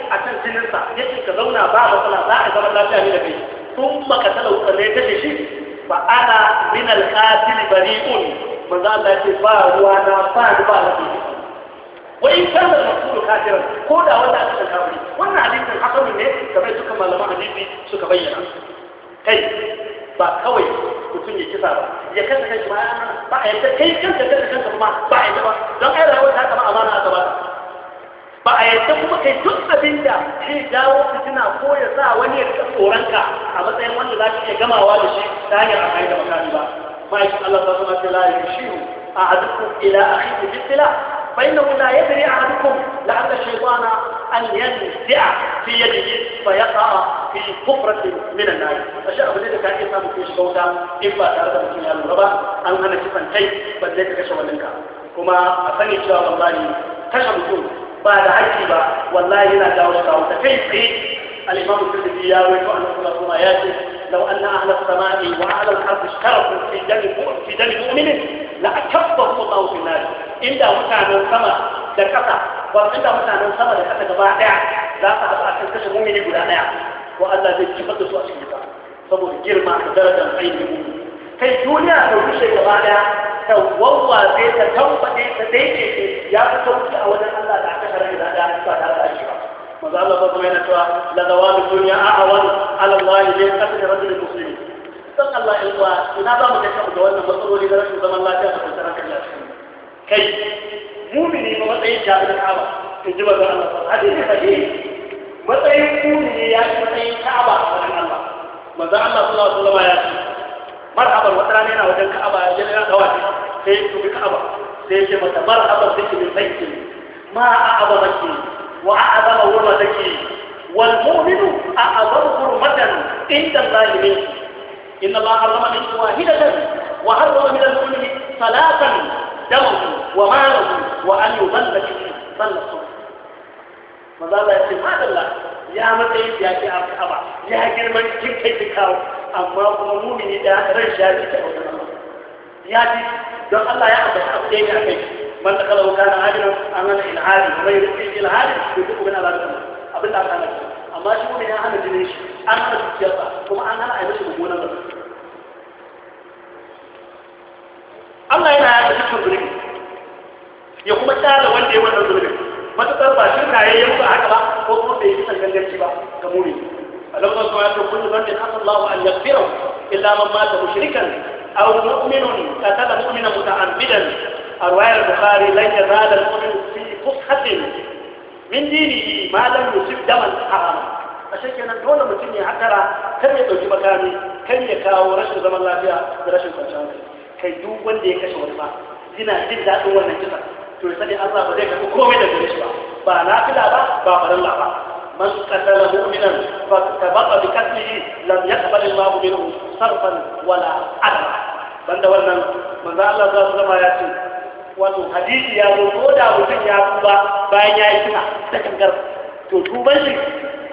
Speaker 1: a kan jininsa ya ce ka zauna ba matsala za a zama lafiya ne da kai sun maka talauta ne ta shi ba ana min alƙatil bari'un manzo Allah ya ce ba ruwa na ba ni ba rabi wai kan da mutum kafirin ko da wanda aka kafiri wannan hadisin hasan ne kamar suka malaman hadisi suka bayyana kai ba kawai mutum ya kisa ba ya kasa kanshi ma ba a yadda kai kanka kanka kanka kuma ba a yadda ba don ai rayuwar ta kama amana a gaba ba a yadda kuma kai duk abin da zai jawo fitina ko ya sa wani ya tsoron ka a matsayin wanda za ka
Speaker 2: iya gamawa da
Speaker 1: shi ta hanyar amfani da makami ba ma'aikin Allah ta zama ta lari shiru a hadukun ila akhihi bisila fa innahu la yadri ahadukum la'alla shaytana an yanzi'a fi yadihi fa yaqa في كفرة من النار فشاء أبو ذلك كان إمام في الشوطة إما تارد مكين الربا أن أنا كفن كي بذلك كشو لنك كما إن شاء الله كشبتون بعد عجيبا والله لا داوش كاوة كيف إيه؟ الإمام في ياوي وأن أخلص ما ياتي لو أن أهل السماء وأهل الأرض اشتركوا في دم في دم مؤمن لأكفهم الله في النار إلا وكان السماء لكفى وإلا وكان السماء لكفى جباعة لا تحدث عن مؤمن يقول ko Allah zai kifar da su a cikin wuta saboda girma da darajar ainihin mu'min kai duniya ta rushe gaba daya ta wawwa sai ta tambaye ta daike ya fito wuce a wajen Allah da aka harar da ya ba tare da shi ba maza Allah ba kuma yana cewa la zawalu dunya a'wan ala Allah ne kasar rajul muslimi san Allah in wa ina za mu tafi da wannan matsaloli da rashin zaman lafiya da tsaron kan lafiya kai mumini ba matsayin jami'in Ka'aba in ji maza Allah hadisi hadisi matsayin kuni ya ci matsayin ka'aba a wurin Allah manzo Allah sallallahu alaihi wasallam ya ce marhaban wata rana yana wajen ka'aba ya yana dawaki sai ya tubi ka'aba sai ya ce mata marhaban take min baitin ma a'azamaki wa a'azama hurmataki wal mu'minu a'azamu hurmatan inda Allah min inna Allah harrama min wahidatan wa harrama min al-mu'mini salatan damu wa malahu wa an yuballa bi sallallahu maza Allah ya ce da ya matsayin ya ce a kaba ya girman kirkai ki kawo amma kuma mumini da ran shafi ta bauta ya ji don Allah ya ambata abu da ya kai man takala na kana an nan ilhari wa bai rufi ilhari ko duk wani abu da abin da aka nake amma shi mumini ya hana jinin shi an hana zuciyarsa kuma an hana a yi mishi mummunan da
Speaker 2: Allah yana yaɗa cikin zunubi
Speaker 1: ya kuma tsara wanda ya wannan zunubin matukar ba shirka ya yi musu haka ba ko kuma bai yi san ganganci ba ga muni Allah kuma kuma ya ce kullu man in asa Allah an yaghfira illa man mata mushrikan aw mu'minun qatala mu'mina muta'ammidan arwaya al-bukhari lan yazal al-mu'min fi fushatin min dinihi ma lam yusib daman haram ashe kenan dole mutum ya hakara kar ya dauki makami kar ya kawo rashin zaman lafiya da rashin kwanciyar hankali kai duk wanda ya kashe wani ba yana jin daɗin wannan kisa to sai Allah ba zai karɓi komai da gare shi ba ba nafila ba ba farilla ba man qatala mu'minan fa tabaqa bi qatlihi lam yaqbal Allah minhu sarfan wala adla banda wannan manzo Allah za su zama ya ce wato hadisi ya zo ko da mutum ya tuba bayan ya yi kina da kangar to tuban shi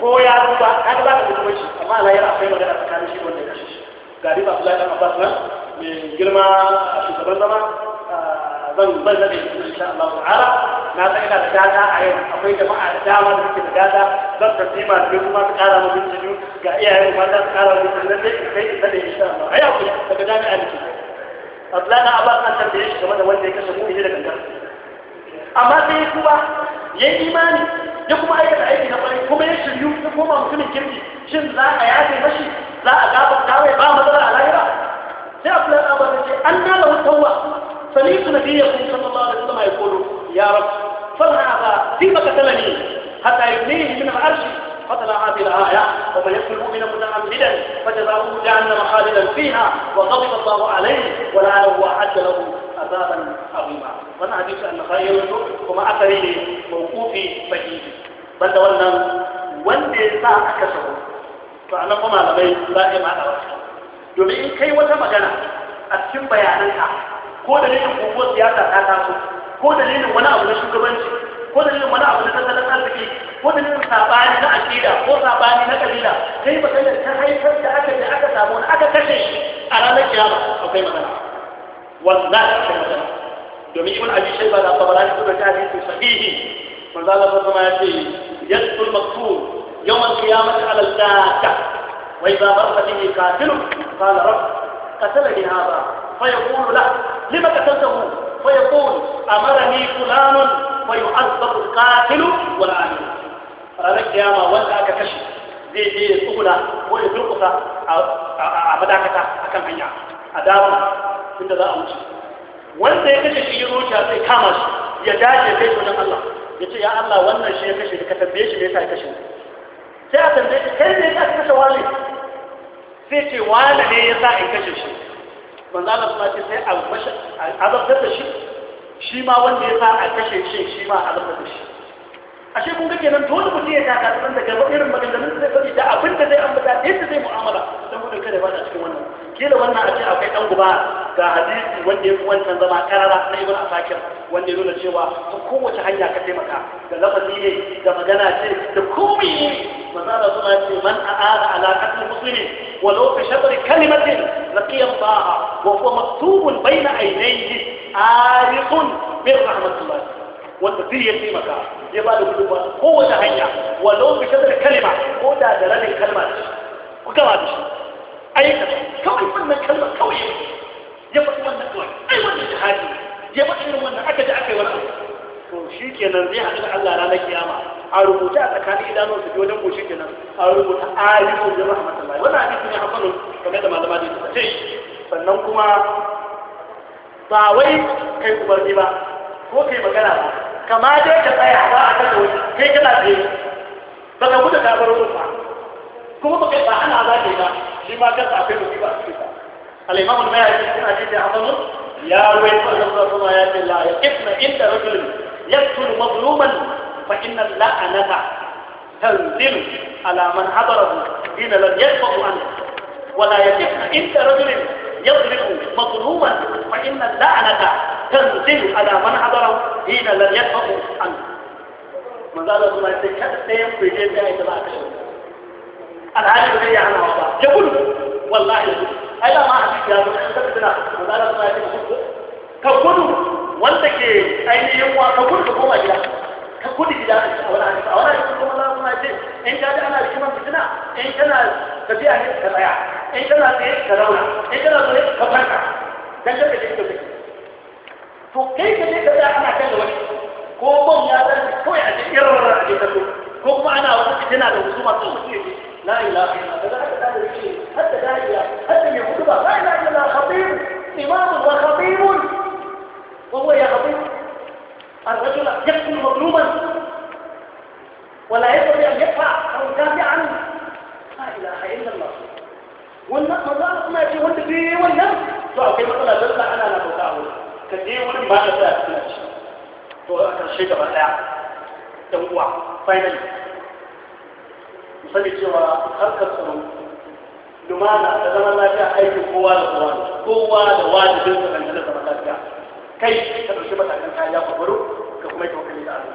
Speaker 1: ko ya tuba ka ba ka tuban shi amma Allah ya akwai magana tsakanin shi wanda ya kashe shi gari ba Abdullahi dan Abbas nan mai girma a shugaban zama zan bar da insha Allah ta'ala na san ina da dada a yau akwai jama'a da dama da suke da dada zan tafi ma da kuma ta kara mu bincike ga iyayen mu ta kara mu bincike da kai da insha Allah ai akwai daga jami'a ne Abdullahi Abbas an tambaye shi game da wanda ya kashe mu'mini da gangan
Speaker 2: amma sai kuma
Speaker 1: yayi imani ya kuma aikata aiki na kwarai kuma ya shiryu ya koma mutumin kirki shin za a yafe mashi za a gafarta mai ba matsala a lahira sai Abdullahi Abbas ya ce an nala wutarwa
Speaker 2: سمعت يقول
Speaker 1: صلى الله عليه وسلم يقول يا رب فل هذا فيما قتلني حتى يبنيه من العرش فتلا هذه الآية ومن يقتل مؤمنا متعمدا فجزاؤه جهنم خالدا فيها وغضب الله عليه ولا وعد له عذابا عظيما وانا حديث ان خير وما اثريه موقوفي فيه بل تولى وانت ساعة sa aka sabo to anan kuma malamai za a yi ma da ko dalilin guguwar siyasa ta taso ko dalilin wani abu na shugabanci ko dalilin wani abu na tattalin arziki ko dalilin sabani na akida ko sabani na kabila sai maganar ta haifar da aka je aka samu wani aka kashe shi a ranar kiyama akwai magana wallahi akwai magana domin ibn abi shayba da tabarani suka ta hadisi sahihi manzo Allah kuma ya ce yadul maktur yawm al-qiyamati ala al-daka wa idha marra bihi qatilun qala rabb qatalani hadha فيقول له لما قتلته فيقول أمرني فلان ويعذب القاتل والعامل فرأيك يا ما ولأك كشف ذي ذي الأولى ويدرقك عبداك أكم عنيا أدام من ذا أمشي وانت يكشف يروجع في كامل يجاج يبيت من الله يقول يا الله وانا شيء كشف كتب بيش ليس يكشف سيأتن بيش كيف
Speaker 2: يكشف والي
Speaker 1: سيتي والي يسا يكشف شيء manzala kuma ce sai a azabtar da shi shi ma wanda ya sa a kashe shi shi ma azabtar da shi ashe kun ga kenan wani mutum ya da daga irin maganganun da zai faɗi da abin da zai ambata yadda zai mu'amala saboda kada ba ta cikin wannan kila wannan a ce akwai dan guba ga hadisi wanda ya fi wancan zama karara na ibn asakir wanda ya nuna cewa ta kowace hanya ka taimaka da lafazi ne da magana ce da komai mazala suna ce man a'ada ala qatlil muslimi walau fi shatr kalimatin laqiya baha wa huwa maktubun bayna aynayhi ariqun bi rahmatillah wanda zai ya taimaka ya ba da gudunma kowace hanya walau fi shatr kalima ko da da rabin kalma ku gama da shi aikata kawai wannan kalmar kawai ya faɗi wannan ai wannan jihadi ya faɗi irin wannan aka ji aka yi kenan zai haɗu da Allah kiyama a rubuta a tsakanin su wajen kenan a rubuta alimu da rahmatullahi wannan hadisi ne da malama da ta ce sannan kuma ba wai kai umarni ba ko kai magana ba kama dai ka tsaya ba a kan wani kai kana tsaye ba ka gudu ta baro ba kuma ba kai ba ana zaɓe ba shi ma kansa akwai musiba a cikin al-imam al-bayhaqi cikin hadisi hasan ya ruwaito annabi sallallahu alaihi wasallam ya ce la yaqifna inda rajulin yaqtul mazluman fa inna la'anata تنزل على من حضره حين لم يدفع عنه ولا يتم عند رجل يضرب مظلوما فإن اللعنة تنزل على من حضره حين لم يدفع عنه من ذلك ما يتكلم في جيد لا يتبع تشوف العالم الذي عن الله يقول والله ألا ما أحكام أنتبنا وذلك ما يجب كقول وانت كي أين يوم كقول كقوم أجلا كقول كلا أولا أولا يقول الله ما يجب إن كان أنا كمان بسنا إن كان تبيع هيك كلايا إن كان هيك كلاونا إن كان هيك كبرنا دنجر كذي فكيف كذي كذا أنا كذا وش كومون يا رجل كوي عجيب يرر عجيب ko kuma أنا wata fitina da wasu masu لا إله إلا الله حتى لا إله حتى الله حتى لا إله إلا الله خطيب إمام وخطيب وهو يا خطيب الرجل يقتل مظلوما ولا يستطيع أن يدفع أو يدافع عنه لا إله إلا الله والنقص ما يجي ولد بي والنقص سواء كيف قلنا بلغة أنا لا أتعود كثير من ما أساس نفسه to a ƙarshe gaba ɗaya sani cewa harkar tsaro lumana da zaman lafiya aikin kowa da kowa kowa da wajibin sa kan da zaman lafiya kai ka dauki matakan kariya ko baro ka kuma yi wakili da Allah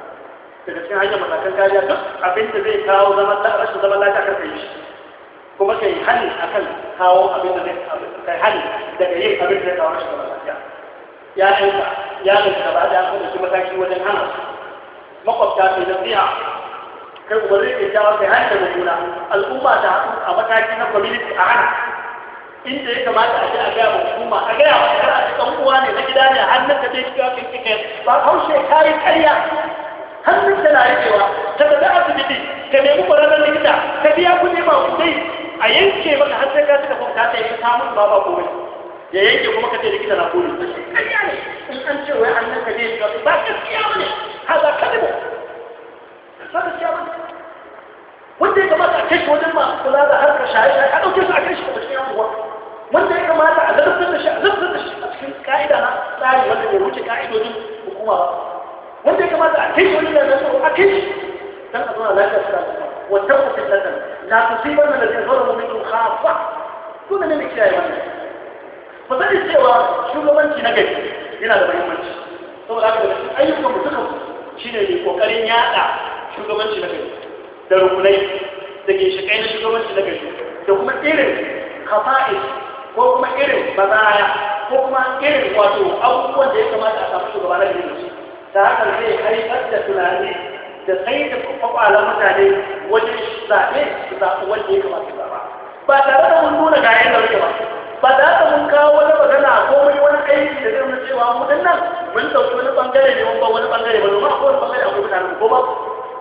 Speaker 1: daga cikin hanyar matakan kariya duk abin da zai kawo zaman lafiya rashin zaman lafiya kan kai shi kuma kai hani akan kawo abin da zai kai hani daga yin abin da zai kawo rashin zaman lafiya ya aika ya aika gaba da an dauki mataki wajen hana makwabta sai da biya kai ubangiji ya jawo ta hanyar da juna al'umma ta haɗu a mataki na community a hana inda ya kamata a ce a gaya wa hukuma a gaya wa kar a ce ɗan uwa ne na gida ne hannun ka zai shiga kin kike ba haushe kayi karya hannun ka na rikewa ka tafi asibiti ka nemi ƙwararren likita ka biya kuɗi ba kuɗi a yanke maka har sai ka suka kwamta ta yi samun ba ba komai ya yanke kuma ka ce likita na kone karya ne
Speaker 2: in an ce wai hannun
Speaker 1: ka zai shiga ba gaskiya ba ne haza kadibu هذا الشعب wanda ya kamata a kai shi wajen masu kula da harkar shaye-shaye a ɗauke shi a kai shi a cikin yankuwa wanda ya kamata a zartar da shi a zartar da shi a cikin ka'ida na tsari wanda ya wuce ka'idojin hukuma wanda ya kamata a kai shi wajen yanzu a kai shi don a zauna lafiyar su da wata kusa lantar na su sai wannan da zai zaura mu mutum hafa dole ne mai kiyaye wannan ba zai cewa shugabanci na gari yana da muhimmanci saboda haka da ayyukan mu suka shine kokarin yada shugabanci na gari da rukunai da ginshiƙai na shugabanci na gari da kuma irin kafa'i ko kuma irin bazaya ko kuma irin wato abubuwan da ya kamata a samu shugaba na gari da shi ta haka zai haifar da tunani da sai da kwakwalan mutane wajen zaɓe su zaɓi wanda ya kamata zaɓa ba tare da mun nuna ga yadda rike ba ba za ta mun kawo wani magana ko wani wani aiki da zai cewa mu dinnan mun ɗauki wani bangare ne mun ba wani bangare ba domin akwai wani ɓangare akwai mutane ko ba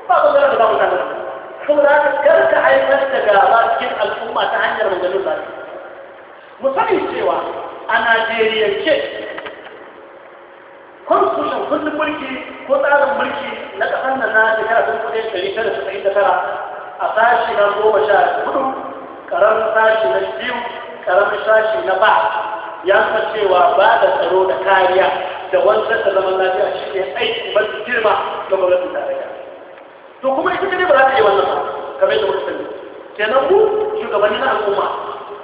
Speaker 1: بعض الناس بعض الناس saboda karka aiwatar da gaba cikin al'umma ta hanyar maganganun ba mu sani cewa a najeriyance constitution kundin mulki ko tsarin mulki na ƙasar nan na shekara sun kudin ɗari tara saba'in da tara a sashi na goma sha hudu ƙaramin sashi na biyu ƙaramin sashi na ba ya san cewa ba da tsaro da kariya da wanzar da zaman lafiya shi ne aiki mafi girma ga gwamnatin tarayya to kuma ita kadai ba za ta iya wannan ba kamar yadda muka sani kenan mu shugabanni na al'umma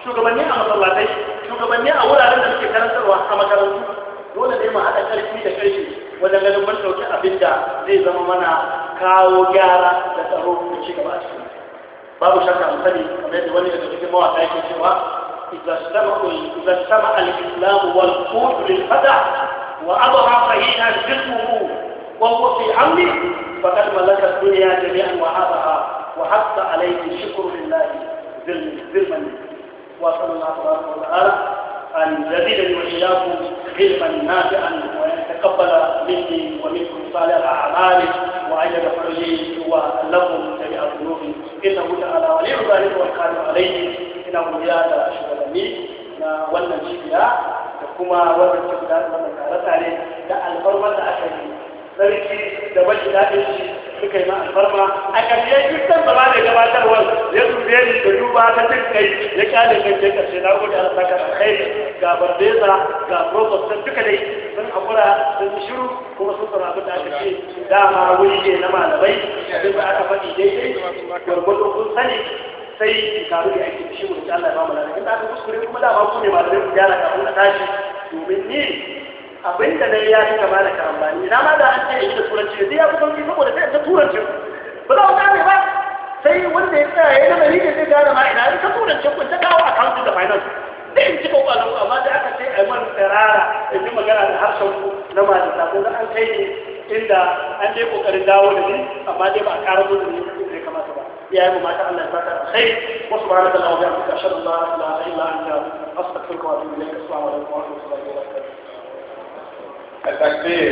Speaker 1: shugabanni a masallatai shugabanni a wuraren da muke karantarwa a makarantu dole ne mu haɗa ƙarfi da ƙarfi wajen ganin mun ɗauki abin da zai zama mana kawo gyara da tsaro da ci gaba a cikin babu shakka mu sani kamar yadda wani daga cikin mawaƙa yake cewa إذا اجتمع إذا اجتمع الإسلام والقوت للفتح وأضحى فهيها
Speaker 2: جسمه
Speaker 1: وهو في أمن فقد ملك الدنيا جميعا وحبها وحق عليه الشكر لله بالمن وصلى الله تبارك وتعالى أن يزيدني وإياكم علما نافعا وأن يتقبل مني ومنكم صالح أعمالي وأن يغفر لي ولكم جميع الذنوب إنه تعالى ولي ذلك والقادر عليه إنه يا شغلني لي الشيء da kuma wannan kyauta da wannan tare tare da alfarmar da aka yi sarki da bashi daɗin shi suka yi ma alfarma a ƙarshe duk san ba da gabatarwa ya zube ni da duba ta cin kai ya kyale kai ke ƙarshe na gode ala saka da kai ga barbeza ga professor duka dai sun hakura sun shiru kuma sun tsara abin da aka ce dama wuri na malamai abin da aka faɗi daidai gwargwado kun sani sai karu da ake shi mu da Allah ya ba mu lafiya in da aka kuskure kuma dama ku ne malamai ku gyara kafin a tashi domin ni abin da dai ya fi kama da ka amfani na ma da an ce yi da turanci zai ya fi sauki saboda sai ta turanci ba za ku gane ba sai wanda ya tsaya ya nazari da zai gane ma ina ta turanci kun ta kawo account da finance zai in cika kwanan amma da aka ce a yi man tsirara in yi magana da harshen ku na malisa ko an kai ne inda an dai kokarin dawo da ni amma dai ba a ƙara zo da ni da ya kamata ba ya yi mata Allah ya fata alkhair wa subhanallahi wa bihamdihi ashhadu an la ilaha illa anta
Speaker 2: astaghfiruka wa atubu ilayk assalamu alaikum ẹ̀tàkìlẹ̀